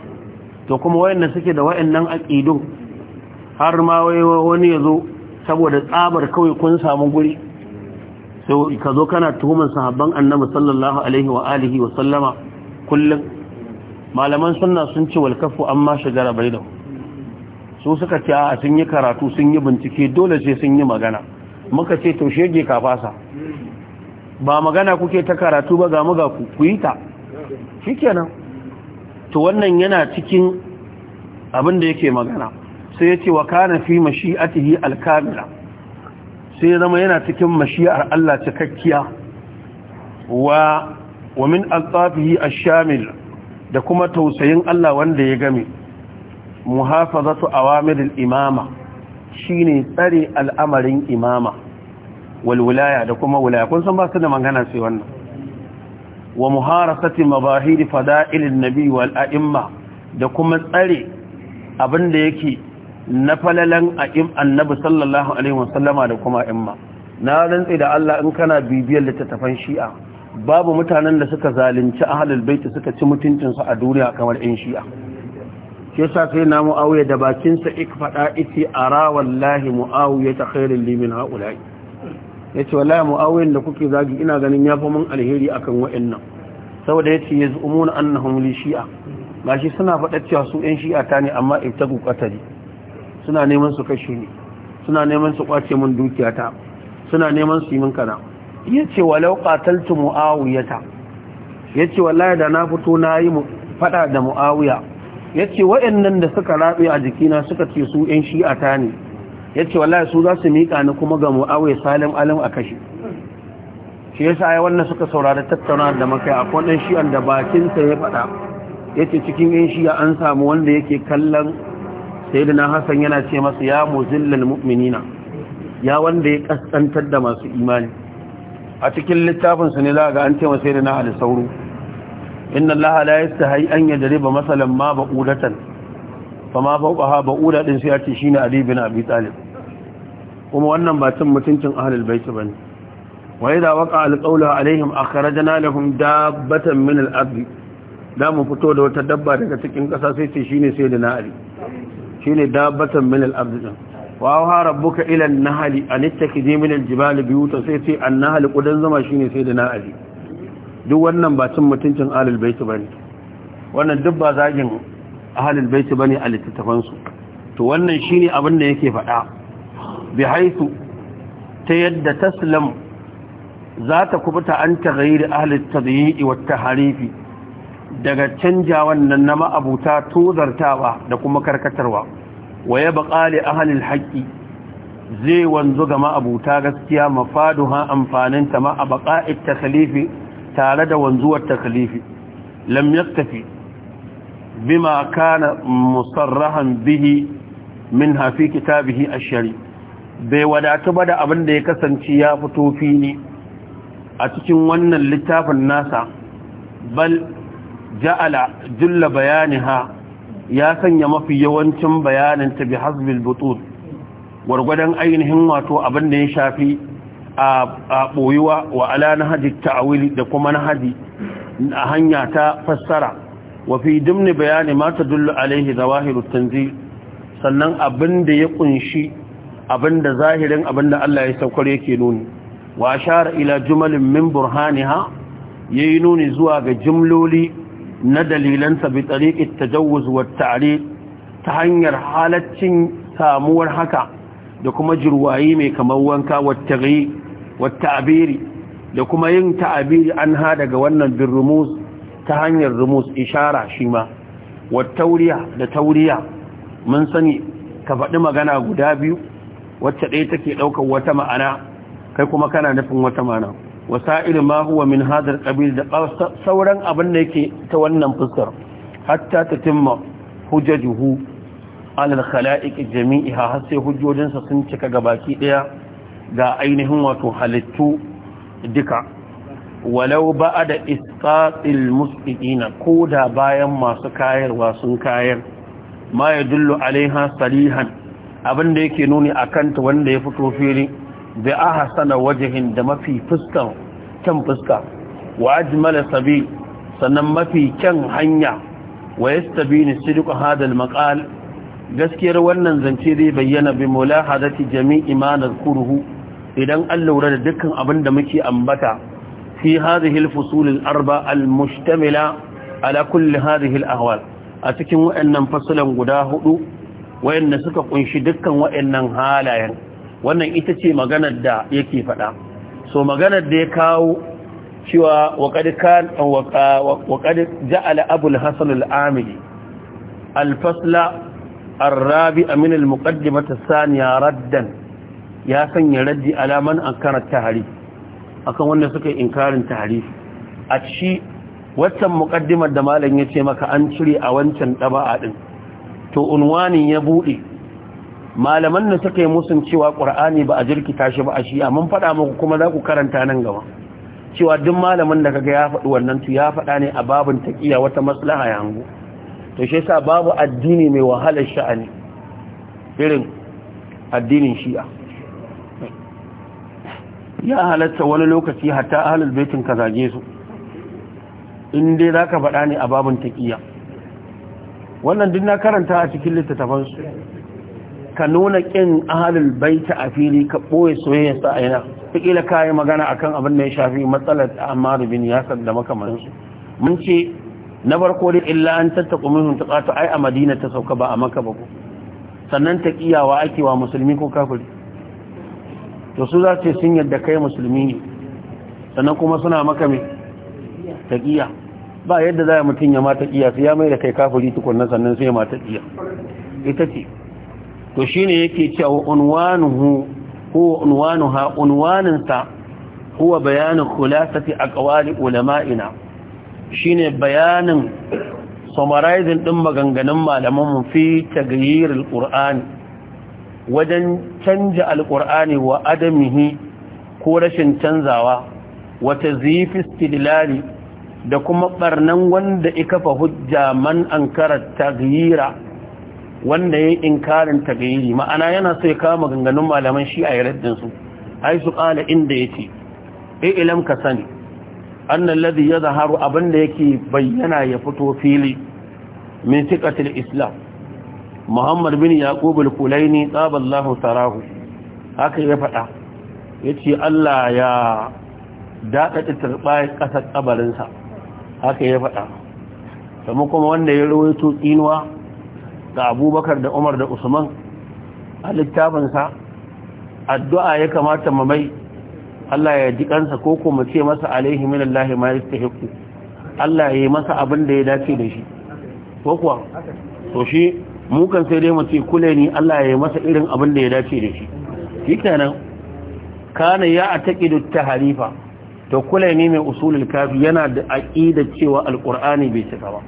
Speaker 1: to kuma wayanda suke da wayannan aƙidun har ma wani ya zo. saboda tsabar kawai kun samu guri so ka zo kana tuhumar sahabban annabi sallallahu alaihi wa alihi wa sallama kullum malaman sunna sun ce wal kafu amma shagara bainahu su suka ce a sun yi karatu sun yi bincike dole sai sun yi magana muka ce to shege ka fasa ba magana kuke ta karatu ba ga muga ku ku yi ta shikenan to wannan yana cikin abin da yake magana sai ya ce wa kana fi mashi'atihi alkamila sai ya zama yana cikin mashi'ar Allah cikakkiya wa wa min altafihi ash-shamil da kuma tausayin Allah wanda ya game muhafazatu awamiril imama shine tsare al'amarin imama wal wilaya da kuma wilaya kun san ba su da magana sai wannan wa muharasati mabahir fada'ilin nabi wal a'imma da kuma tsare abin da yake na falalan a annabi sallallahu alaihi wasallama da kuma imma na rantsi da Allah in kana bibiyar littattafan shi'a babu mutanen da suka zalunci ahlul baiti suka ci mutuncin su a duniya kamar 'yan shi'a shi yasa sai na mu'awiya da bakinsa ik faɗa iti ara wallahi mu'awiya ta khairul limin haula'i yace wallahi mu'awiyan da kuke zagi ina ganin yafi mun alheri akan wa'annan saboda yace yazumuna annahum li shi'a gashi suna faɗa cewa su yan shi'a ta ne amma ibtagu qatali suna neman su kashe ni suna neman su kwace min dukiyata suna neman su yi min kana yace walau qataltu muawiyata yace wallahi da na fito na yi mu fada da muawiya yace waɗannan da suka rabe a jikina suka ce su ɗan shi'a ta ne yace wallahi su za su mika ni kuma ga muawiya salim alim a kashe shi yasa ai wannan suka saurara tattauna da maka, akwai ɗan shi'an da bakin sa ya fada yace cikin ɗan shi'a an samu wanda yake kallon sayyidina Hassan yana ce masa ya muzillal mu'minina ya wanda ya kasantar da masu imani a cikin littafin ne za ga an ce masa sayyidina al-sauru inna allaha la yastahi an yadriba masalan ma ba'udatan fama fawqaha ba'uda din sai ya ce shine ali bin abi talib kuma wannan ba cin mutuncin ahlul bait bane al qawlu alaihim akhrajna lahum dabbatan min al الأرض da mu fito da wata dabba daga cikin kasa sai ce shine sai da na'ari Shi ne dabbatan min al-ard din wa ha rabbuka ila an-nahli an ittakhidhi min al-jibali buyutan sai ce an-nahl kudan zama shi ne sai da na ali duk wannan ba cin mutuncin ahlul bait bane wannan duk ba zagin ahlul bait bane a littafan su to wannan shine abin da yake faɗa bi haisu ta yadda taslam za ta kubuta an tagayyir ahlul tadyi'i wat taharifi daga canja wannan na ma'abuta tozartawa da kuma karkatarwa wa ya baƙali halin haƙƙi zai wanzu ga ma'abuta gaskiya mafaduha amfaninta ma a baƙa'id tare da wanzuwar takhalifi lam yaktafi bima kana musarrahan bihi min hafi kitabihi ashari bai wadatu ba da abin da ya kasance ya fito fili a cikin wannan littafin nasa bal ja'ala julla bayaniha ya sanya mafi yawancin bayanin ta bi hasbil butut gurgudan ainihin wato abin da ya shafi a boyuwa wa ala nahaji ta'awili da kuma nahaji a hanya ta fassara wa fi dimni bayani ma tadullu alaihi wahiru tanzil sannan abin da ya kunshi abin da zahirin abin da Allah ya saukar yake nuni wa ashara ila jumalin min burhaniha yayi nuni zuwa ga jumloli na dalilansa bi tariqit tajawuz wa tare ta hanyar halaccin samuwar haka da kuma jirwayi mai kamar wanka wa da kuma yin ta'abiri an ha daga wannan bin rumus ta hanyar rumus ishara shi ma wa tauriya da tauriya mun sani ka faɗi magana guda biyu wacce ɗaya take ɗaukar wata ma'ana kai kuma kana nufin wata ma'ana wasa'il ma huwa min hadar qabil da sauran abin da yake ta wannan fuskar hatta tatimma hujjajuhu ala al-khala'iq jami'iha har sai hujjojinsa sun cika gabaki daya ga ainihin wato halittu duka walau ba'da isqatil ko koda bayan masu kayarwa sun kayar ma yadullu alaiha salihan abin da yake nuni akanta wanda ya fito fili bi ahsana wajhin da mafi fuskan kyan fuska wa ajmala sabi sannan mafi kyan hanya wa yastabini sidq hadha al gaskiyar wannan zance zai bayyana bi mulahadati jami'i ma nadhkuruhu idan an lura da dukkan abin da muke ambata fi hadhihi al-fusul al-arba al-mushtamila ala kulli hadhihi a cikin wayannan fasulan guda hudu wayanda suka kunshi dukkan wayannan halayen wannan ita ce maganar da yake faɗa so maganar da ya kawo cewa waƙad ja abul hasan al'amili alfasla arrabi من المقدمة الثانية ردا يا سن يردي على من أنكر التحريف akan wanda suka yi inkarin tarihi a ci waccan muƙaddimar da malam ya ce maka an cire a wancan ɗaba'a din to unwanin ya buɗe. malaman da suka yi musun cewa ƙur'ani ba a jirkita shi ba a shi'a mun faɗa muku kuma za ku karanta nan gaba cewa duk malamin da kaga ya faɗi wannan tu ya faɗa ne a babin taƙiya wata maslaha ya hango to shi yasa babu addini mai wahalar sha'ani irin addinin shi'a ya halatta wani lokaci hatta ahlul baitin ka zage su in dai zaka faɗa ne a babin taƙiya wannan duk na karanta a cikin littattafansu ka nuna ƙin ahalul baita a fili ka ɓoye soyayyar sa aina kila ka yi magana akan abin da ya shafi matsalar Ammar bin Yasir da makamansu mun ce na farko dai illa an tattaku ta taqatu ai a Madina ta sauka ba a Makka ba ko sannan taqiyawa ake wa musulmi ko kafiri to su za su sun yadda kai musulmi ne sannan kuma suna maka me ƙiya. ba yadda za mutum ya mata ƙiya sai ya mai da kai kafiri tukunna sannan sai ya mata ƙiya. ita ce to shine yake cewa unwanuhu ko unwanuha unwaninsa huwa bayanin khulasati aqwali ulama'ina shine bayanin summarizing din maganganun malaman mu fi taghyir alqur'ani wajen canja alƙur'ani wa adamihi ko rashin canzawa wa tazyif istidlali da kuma ɓarnan wanda ikafa hujja man ankara Tagayira? wanda ya yi inkarin tagayiri ma'ana yana so ya kama ganganun malaman shi a yaraddin su ai su kala inda ya ce e ilam ka sani annan ladi ya zaharu abinda yake bayyana ya fito fili min sikatil islam muhammad bin yaqub ne, kulaini tsaballahu sarahu haka ya faɗa ya ce allah ya daɗaɗe turɓayar ƙasar ƙabarinsa haka ya faɗa kuma wanda ya rawaito tsinuwa ga abubakar da umar da usman a littafinsa addu'a ya kamata mai Allah ya ji kansa ko kuma ce masa alaihi minallahi ma yastahiqu Allah ya yi masa abin da ya dace da shi ko kuwa to shi mu sai dai mu ce kule ni Allah ya yi masa irin abin da ya dace da shi shikenan kana ya ataqidu taharifa to kule ni mai usulul kafi yana da aqida cewa Alƙur'ani bai cika ba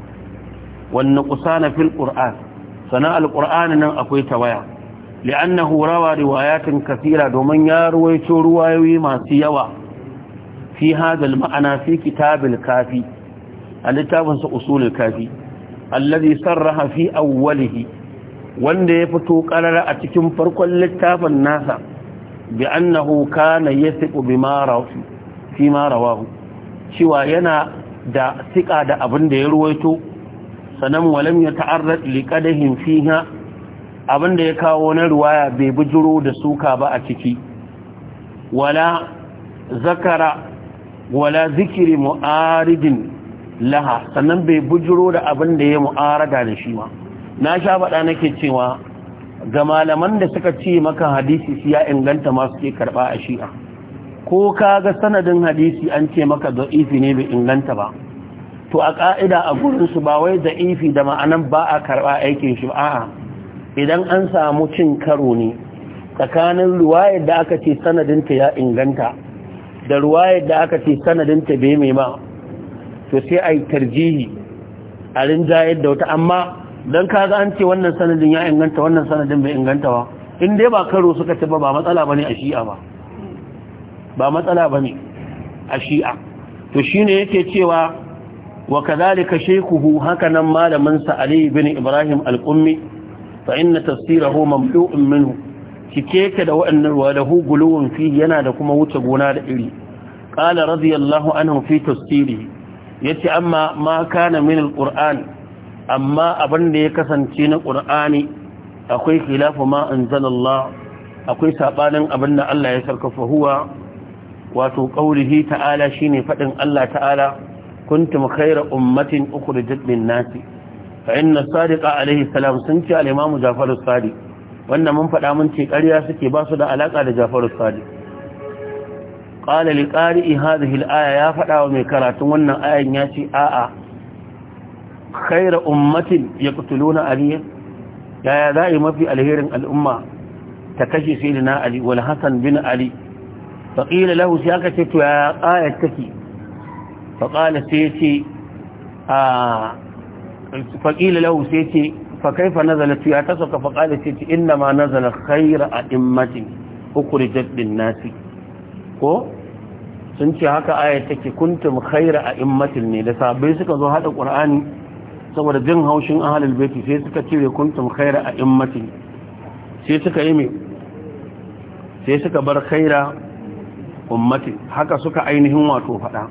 Speaker 1: wannan na fil qur'an sana alƙur'ani nan akwai tawaya li'annahu rawa riwayatin kasira domin ya ruwaito ruwayoyi masu yawa fi hadal ma'ana fi kitabil kafi a littafinsa sa usulul kafi allazi sarraha fi awwalihi wanda ya fito karara a cikin farkon littafin nasa bi annahu kana yathiqu bima fi ma rawahu cewa yana da sika da abin da ya ruwaito sannan walam ya ta'arrad liqadahim fiha abinda ya kawo na ruwaya bai bujuro da suka ba a ciki wala zakara wala zikiri mu'aridin laha sannan bai bujuro da abinda ya mu'arada da shi ma na sha bada nake cewa ga malaman da suka ce maka hadisi su ya inganta masu ke karba a shi'a ko kaga sanadin hadisi an ce maka da'ifi ne bai inganta ba to a ƙa'ida a gurinsu ba wai da ifi da ma'anan ba a karɓa aikin shi a'a idan an samu cin karo ne tsakanin ruwayar da aka ce sanadinta ya inganta da ruwayar da aka ce sanadinta bai mai ma to sai a yi tarjihi a rinjayar da wata amma don za an ce wannan sanadin ya inganta wannan sanadin bai inganta ba in dai ba karo suka ci ba ba matsala ba ne a shi'a ba ba matsala ba ne a shi'a to shi ne yake cewa wa kadhalika shaykhuhu hakanan malamin sa Ali ibn Ibrahim al-Qummi fa inna tafsirahu mamdu'un minhu kike da waɗannan walahu guluwun fi yana da kuma wuce gona da iri Kala radiyallahu anhu fi tafsirihi yace amma ma kana min al amma abin da ya kasance na Qur'ani akwai khilafu ma anzalallah akwai saɓanin abin da Allah ya sarkafa huwa wato ƙaurihi ta'ala shine faɗin Allah ta'ala kuntum khayra ummatin ukhrijat lin-nas fa inna Sadiqa alayhi salam sun ce al-imam Ja'far as-Sadiq wannan mun faɗa mun ce ƙarya suke ba su da alaka da Ja'far as-Sadiq qala li hadhihi al-aya ya faɗawa wa mai karatun wannan ayan ya ce a'a khayra ummatin yaqtuluna ya? yaya za'i mafi alherin al'umma ta kashe sayyidina ali wal hasan bin ali faqila lahu sai aka ce to ya ayat take faƙala sai ya ce a faƙila lahu sai ce faƙaifa nazala ya ta sauka faƙala sai ce inda ma nazala khaira a immatin ukurijat din nasi ko sun ce haka ayat take kuntum khaira a immatin ne da sabai suka zo haɗa ƙur'ani saboda jin haushin ahalul baiti sai suka cire kuntum khaira a immatin sai suka yi mai sai suka bar khaira ummatin haka suka ainihin wato faɗa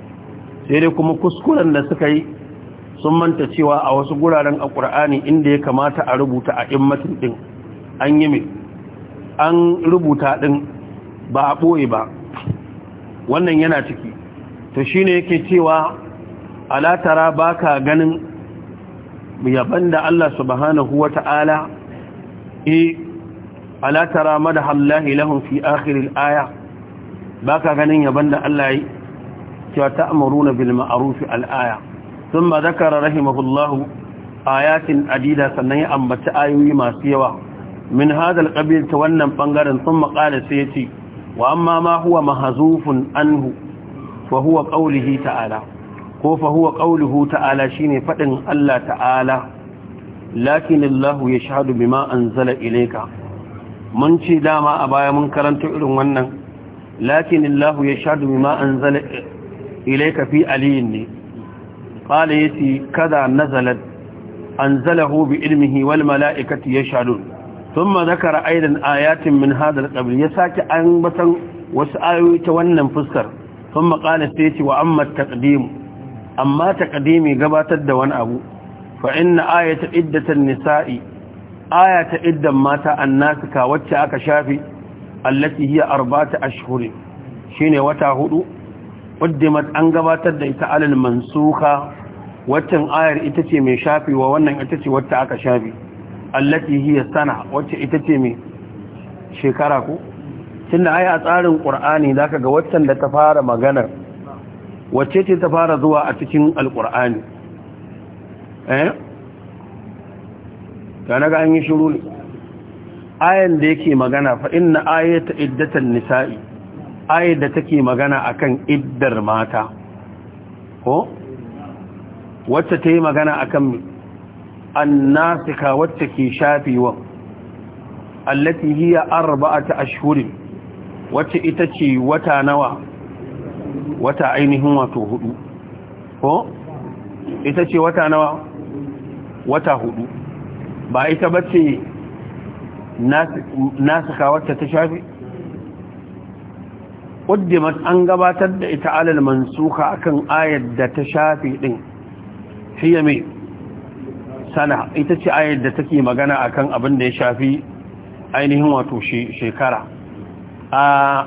Speaker 1: sai dai kuma kuskuren da suka yi sun manta cewa a wasu guraren a ƙura'ani inda ya kamata a rubuta a matin ɗin an yi mai an rubuta ɗin ba a ɓoye ba wannan yana ciki to shi ne yake cewa alatara ba ka ganin yaban da Allah subhanahu wa ta'ala e eh, alatara madahallahi lahun fi akhirin aya ba ka ganin yaban da Allah yi cewa ta'muruna bil ma'ruf al aya thumma dhakara rahimahullahu ayatin adida sannan ya ambaci ayoyi masu yawa min hadal ƙabil ta wannan bangaren thumma qala sai ce. wa amma ma huwa mahzufun anhu fa huwa qawlihi ta'ala ko fa huwa qawluhu ta'ala shine fadin Allah ta'ala lakin Allah ya shahadu bima anzala ilayka mun ce dama a baya mun karanta irin wannan lakin Allah ya shahadu an anzala ilaika fi aliyin ne qala yati kada nazalat anzalahu bi ilmihi wal mala'ikatu yashhadun thumma zakara ra'aidan ayatin min hadar ƙabil, ya saki an batan wasu ayoyi ta wannan fuskar thumma qala sayati wa amma taqdim amma taqdimi gabatar da wani abu fa inna ayata iddatan nisa'i ayata iddan mata annasika wacce aka shafi allati hiya arba'atu Shi shine wata hudu qaddimat an gabatar da ita alal mansuka waccan ayar ita ce mai shafi wa wannan ita ce wata aka shafi allati hiya sana wacce ita ce mai shekara ko tunda ai a tsarin qur'ani zaka ga waccan da ta fara magana wacce ce ta fara zuwa a cikin alqur'ani eh kana ga an yi shiru ne ayan da yake magana fa na ayata iddatan nisa'i ayar da take magana akan iddar mata ko wacce ta yi magana akan annasika wacce ke shafewa allati hiya arba'ata ashhurin wacce ita ce wata nawa wata ainihin wato hudu ko ita ce wata nawa wata hudu ba ita bace nasika wacce ta shafi ƙuddimat an gabatar da ita alal mansuka akan ayar da ta shafi ɗin fiye mai sana ita ce ayar da take magana akan abin da ya shafi ainihin wato shekara a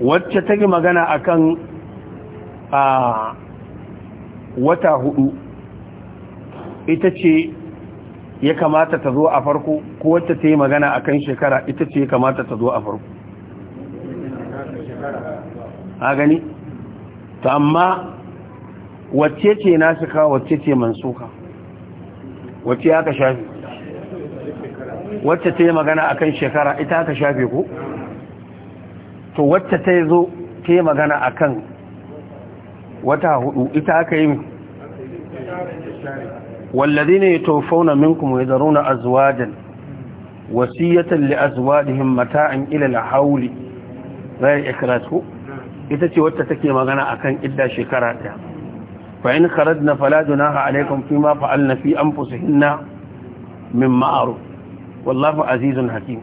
Speaker 1: wacce take magana akan a wata hudu ita ce ya kamata ta zo a farko ko wacce ta yi magana akan shekara ita ce ya kamata ta zo a farko a gani ta amma wacce ce kawo wacce ce mansuka wacce aka shafi wacce ta yi magana kan shekara ita aka shafe ku to wacce ta yi zo ta yi magana kan wata hudu ita aka yi والذين ya منكم ويذرون himmata an لأزواجهم متاع إلى الحول غير إكراته ita ce wacce take magana akan idda shekara ɗaya fa in kharajna fala junaha alaikum fi ma fa'alna fi anfusihinna min ma'ruf wallahu azizun hakim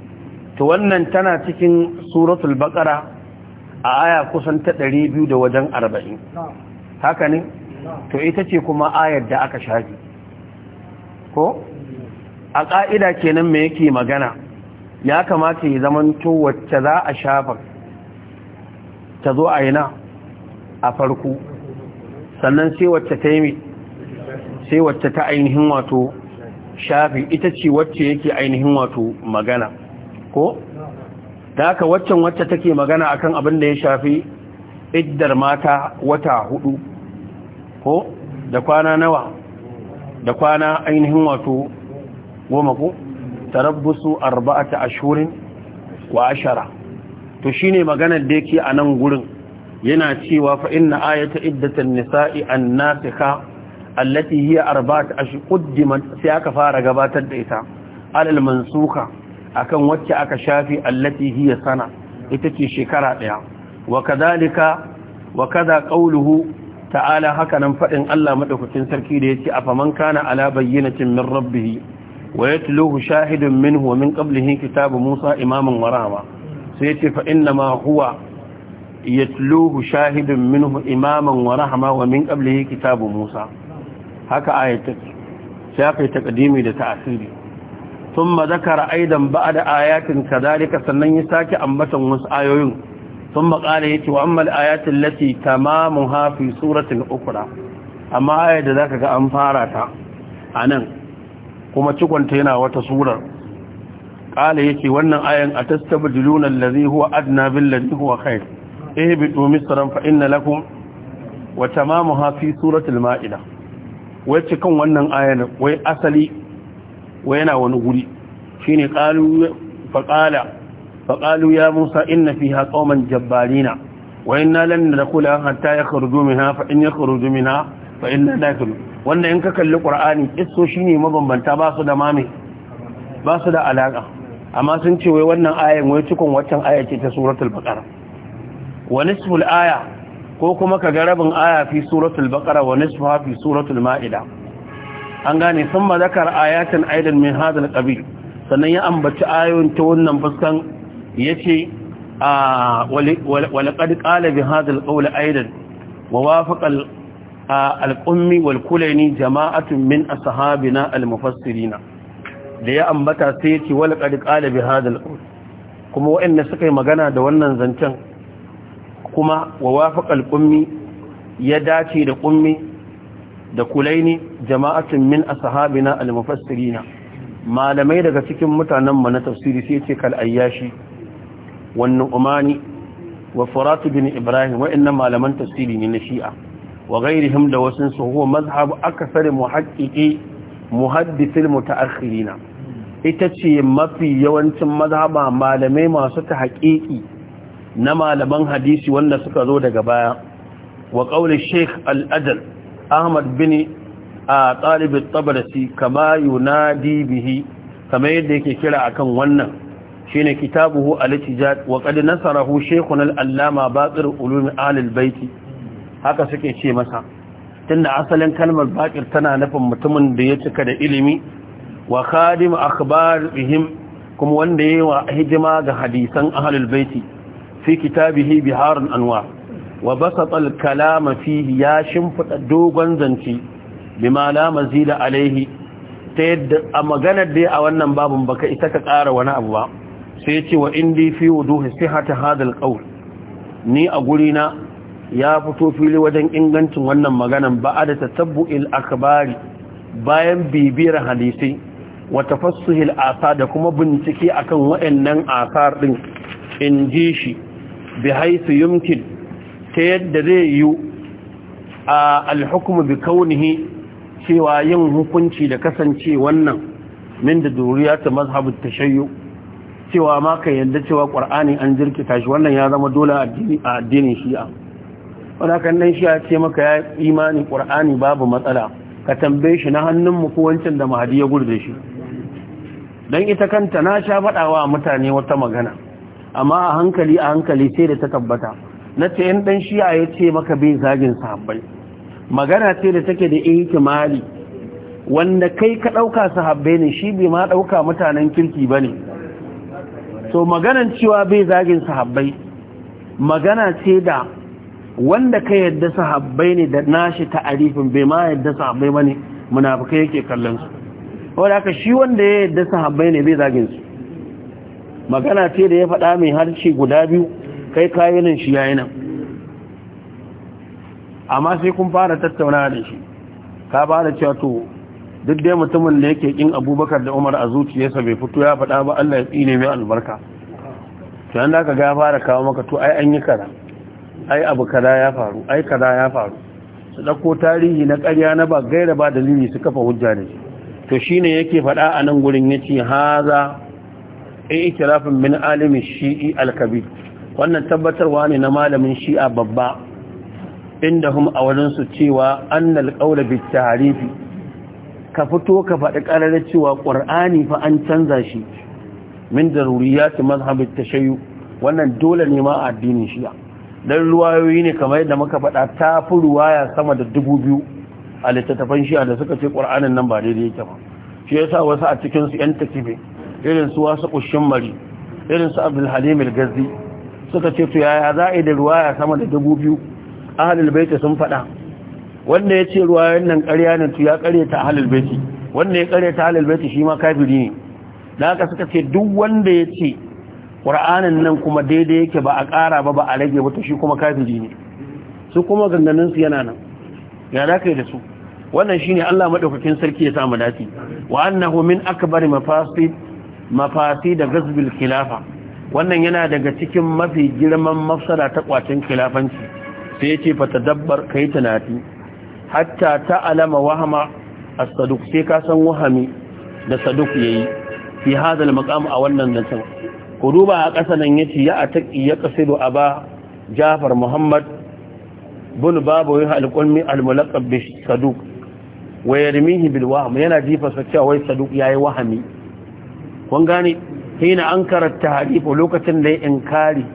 Speaker 1: to wannan tana cikin suratul baqara a aya kusan ta 200 da wajen 40 haka ne to ita ce kuma ayar da aka shafi ko a ƙa'ida kenan me yake magana ya kamata ya zamanto wacce za a shafa ta zo a yana a farko sannan sai wacce ta yi sai wacce ta ainihin wato shafi ita ce wacce yake ainihin wato magana ko da aka waccan wacce take magana akan abin da ya shafi iddar mata wata hudu ko da kwana nawa da kwana ainihin wato goma ko tarabbusu arba'ata ashurin wa ashara to shine maganar da yake a nan gurin yana cewa fa inna ayata iddatan nisa'i annasikha allati hiya arba'at ash quddimat sai aka fara gabatar da ita alal a akan wacce aka shafi allati hiya sana ita ce shekara ɗaya wa kadhalika wa kadha ta'ala haka nan faɗin Allah madaukakin sarki da yace afaman kana ala bayyinatin min rabbihi wa tuluhu shahidun minhu wa min qablihi kitabu Musa imaman wa sai ce fa inna ma huwa yatluhu shahidun minhu imaman wa rahma wa min qablihi kitabu Musa haka ayatu sai aka yi takdimi da ta'asiri thumma zakara aidan ba'da ayatin kadhalika sannan ya saki ambatan wasu ayoyin thumma qala yati wa amma al-ayatu allati tamamuha fi suratin ukra amma ayar da zaka ga an fara ta anan kuma cikonta yana wata surar ya ce wannan ayan a tastaba julunan lazi huwa adna billadi huwa khair eh bi tumi saran fa inna lakum wa tamamuha fi suratul maida wace kan wannan ayan wai asali wai yana wani guri shine qalu fa qala ya musa inna fiha qauman jabbalina wa inna lan nadkhula hatta yakhruju minha fa in yakhruju minha fa inna nadkhul wannan in kalli ƙur'ani isso shine mabambanta ba su da alaƙa. amma sun ce wai wannan ayan wai cikon waccan aya ce ta suratul baqara wa nisful aya ko kuma ka ga rabin aya fi suratul baqara wa nisfuha fi suratul maida an gane thumma zakar ayatan aidan min hadha alqabil sannan ya ambaci ayoyin ta wannan fuskan yace a walaqad qala bi hadha alqawl aidan wa wafaqa al-ummi wal kulaini jama'atun min ashabina al-mufassirina da ya ambata sai ya ce wala qad bi hadal kuma wa'anda suka yi magana da wannan zancen kuma wa wafaqal ƙummi ya dace da ƙummi da kulaini jama'atun min sahabina al-mufassirina malamai daga cikin mutanen mu na tafsiri sai ce kal ayyashi wan nu'mani wa furat bin ibrahim wa'annan malaman tafsiri ne na shi'a wa ghairihim da wasun su huwa mazhab akthar muhaqqiqi muhaddisil mutaakhirina ita ce mafi yawancin mazhaba malamai masu ta haƙiƙi na malaman hadisi wanda suka zo daga baya wa qauli sheikh al-adl ahmad bin a talib at kamar kama yunadi bihi kama yadda yake kira akan wannan shine kitabuhu al-tijad wa qad nasarahu shaykhuna al-allama baqir ulum al-bayti haka suke ce masa tunda asalin kalmar baƙir tana nufin mutumin da ya cika da ilimi wa khadim bihim kuma wanda yayi wa hijima ga hadisan ahlul baiti fi kitabihi biharun anwa wa basata al kalam fihi ya shimfida dogon zanci bima la mazila alaihi ta yadda a maganar da a wannan babun baka ita ka kara wani abu ba sai ce wa indi fi wuduhi sihhati hadal qawl ni a gurina ya fito fili wajen ingancin wannan maganan ba da tatabbu'il akbari bayan bibiyar hadisi wa tafassuhil asar da kuma bincike akan wa'annan asar din in ji shi bi haisu yumkin ta yadda zai yi a alhukumu bi kaunihi cewa yin hukunci da kasance wannan min da duriya ta mazhabin tashayyu cewa ma ka yadda cewa ƙwar'ani an jirkita shi wannan ya zama dole a addinin shi'a wadakan nan shi ya ce maka ya imani ƙur'ani babu matsala ka tambaye shi na hannunmu ko wancan da mahadi ya da shi don ita kanta na sha faɗawa mutane wata magana amma a hankali a hankali sai da ta tabbata na ce yan ɗan shi'a ya ce maka bai zagin sahabbai magana ce da take da mali wanda kai ka ɗauka sahabbai ne shi bai ma ɗauka mutanen kirki ba ne so maganan cewa bai zagin sahabbai magana ce da wanda ka yadda sahabbai ne da nashi ta'arifin bai ma yadda sahabbai bane munafikai yake kallon su wanda aka shi wanda ya yadda sahabbai ne bai zagin su magana ce da ya faɗa mai harshe guda biyu kai kayanin shi yayi nan amma sai kun fara tattauna da shi ka ba da cewa to duk dai mutumin da yake kin abubakar da umar a zuciyarsa bai fito ya faɗa ba allah ya tsine mai albarka to yanda aka ga fara kawo maka to ai an yi kara ai abu kada ya faru ai kada ya faru su dauko tarihi na ƙarya na ba gaira ba dalili su kafa hujja da to shine yake faɗa a nan gurin ya haza ai itirafin min alimi shi'i kabi wannan tabbatarwa ne na malamin shi'a babba inda hum a su cewa annal qawla bi tarifi ka fito ka faɗi ƙararar cewa ƙur'ani fa an canza shi min daruriyati mazhabit tashayyu wannan dole ne ma addinin shi'a dan ruwayoyi ne kamar yadda muka faɗa ta fi ruwaya sama da dubu biyu a littattafan shi'a da suka ce ƙwar'anin nan ba daidai yake ba shi yasa wasu a cikin su yan takibe irin su wasu ƙushin mari irin su abdul halim gazi suka ce to yaya za a yi da ruwaya sama da dubu biyu ahalil baiti sun faɗa wanda ya ce ruwayoyin nan ƙarya ne to ya ƙarya ta ahalul baiti wanda ya ƙarya ta ahalul baiti shi ma kafiri ne da haka suka ce duk wanda ya ce ƙura'anin nan kuma daidai yake ba a ƙara ba ba a rage ba ta shi kuma kafiri ne su kuma ganganinsu yana nan ya za da su wannan shine Allah maɗaukakin sarki ya samu dafi wa annahu min akbari mafasi da gasbil kilafa, wannan yana daga cikin mafi girman mafsada ta kwacin khilafanci sai yace dabbar ka yi tunati hatta alama wahama a saduq sai ka san wahami da saduq yi. fi hadal maqam a wannan zancin ku duba a ƙasa nan yace ya ataki ya qasidu aba jafar muhammad bin babu yin alqulmi almulaqab bi saduq wa yarmihi bil wahm yana jifa sa cewa wai saduq yayi wahami kun gane hina ankara tahrif lokacin da ya inkari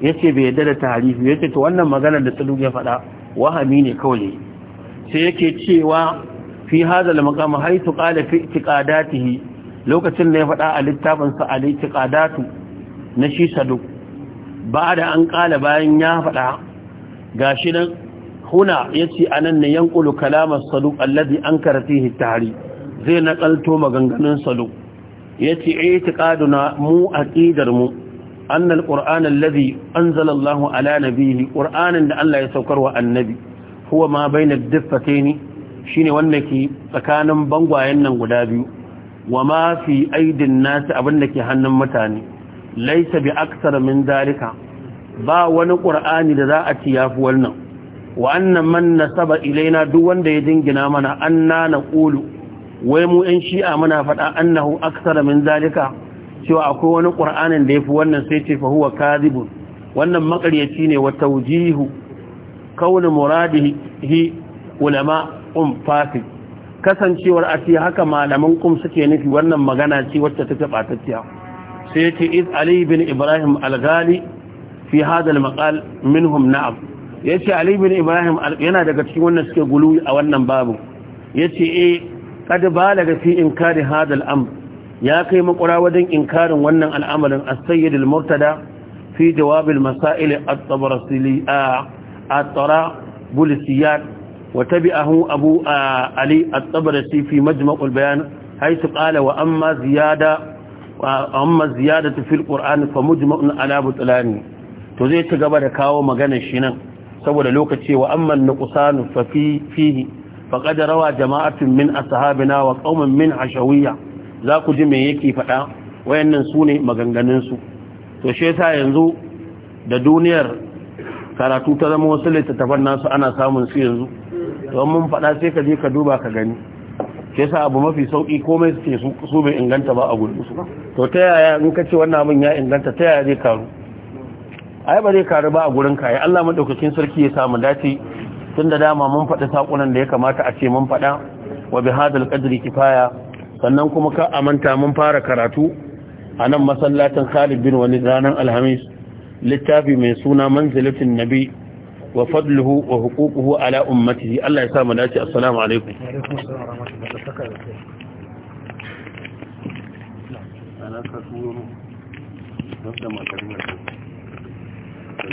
Speaker 1: yace bai yarda da tahrif yace to wannan maganar da saduq ya faɗa wahami ne kawai sai yake cewa fi hadha al-maqam haythu qala fi itiqadatihi lokacin da ya faɗa a littafinsa a litikadatu na shi saduk ba da an ƙala bayan ya faɗa ga shi nan huna ya ce a nan na yankulu kalamar saduk allazi an karfi hitari zai naƙalto maganganun saduk ya ce eh, itiƙaduna mu aƙidar mu annal ƙur'an allazi anzalallahu ala nabihi ƙur'anin da Allah ya saukar wa annabi huwa ma ni. Shi shine wanda ke tsakanin bangwayen nan guda biyu wa ma fi aidin nasi abin da ke hannun mutane laisa bi aksar min dalika ba wani ƙur'ani da za a ci yafi wannan wa annan man nasaba ilaina duk wanda ya dingina mana anna naqulu wai mu 'yan shi'a muna faɗa annahu aksar min dalika cewa akwai wani ƙur'anin da yafi wannan sai ce fa huwa kadhibun wannan makaryaci ne wa tawjihu kaunu muradihi ulama um fasik kasancewar a ce haka malaman kum suke nufi wannan magana ce wacce take batacciya sai yace iz ali bin ibrahim al-ghali fi hada al-maqal minhum na'am yace ali bin ibrahim yana daga cikin wannan suke gulu a wannan babu yace eh kad balaga fi inkari hada al-amr ya kai makura wajen inkarin wannan al'amarin as-sayyid al-murtada fi jawab al-masail at-tabarasili at-tarabulisiyat وتبعه أبو علي الطبرسي في مجمع البيان حيث قال amma زيادة amma ziyadatu fil qur'ani fa mujma'un ala butlani to zai ci gaba da kawo maganar shi nan saboda lokaci wa amma nuqsan fa fi fihi faqad rawa jama'atun min ashabina wa qauman min ashawiyya za ku ji me yake faɗa wayannan sune maganganun su to she yasa yanzu da duniyar karatu ta zama wasu littattafan nasu ana samun su yanzu to mun faɗa sai ka je ka duba ka gani shi yasa abu mafi sauki komai suke su bai inganta ba a gurin su to ta yaya in ka ce wannan abin ya inganta ta yaya zai karu ai ba zai karu ba a gurin ka ya Allah madaukakin sarki ya samu dace da dama mun faɗi sakunan da ya kamata a ce mun faɗa wa bi hadal qadri kifaya sannan kuma ka amanta mun fara karatu a nan masallacin Khalid bin wani ranar Alhamis littafi mai suna manzilatin Nabi وفضله وحقوقه على أمته الله يسامى ناتي السلام عليكم
Speaker 2: وعليكم السلام
Speaker 1: ورحمة الله وبركاته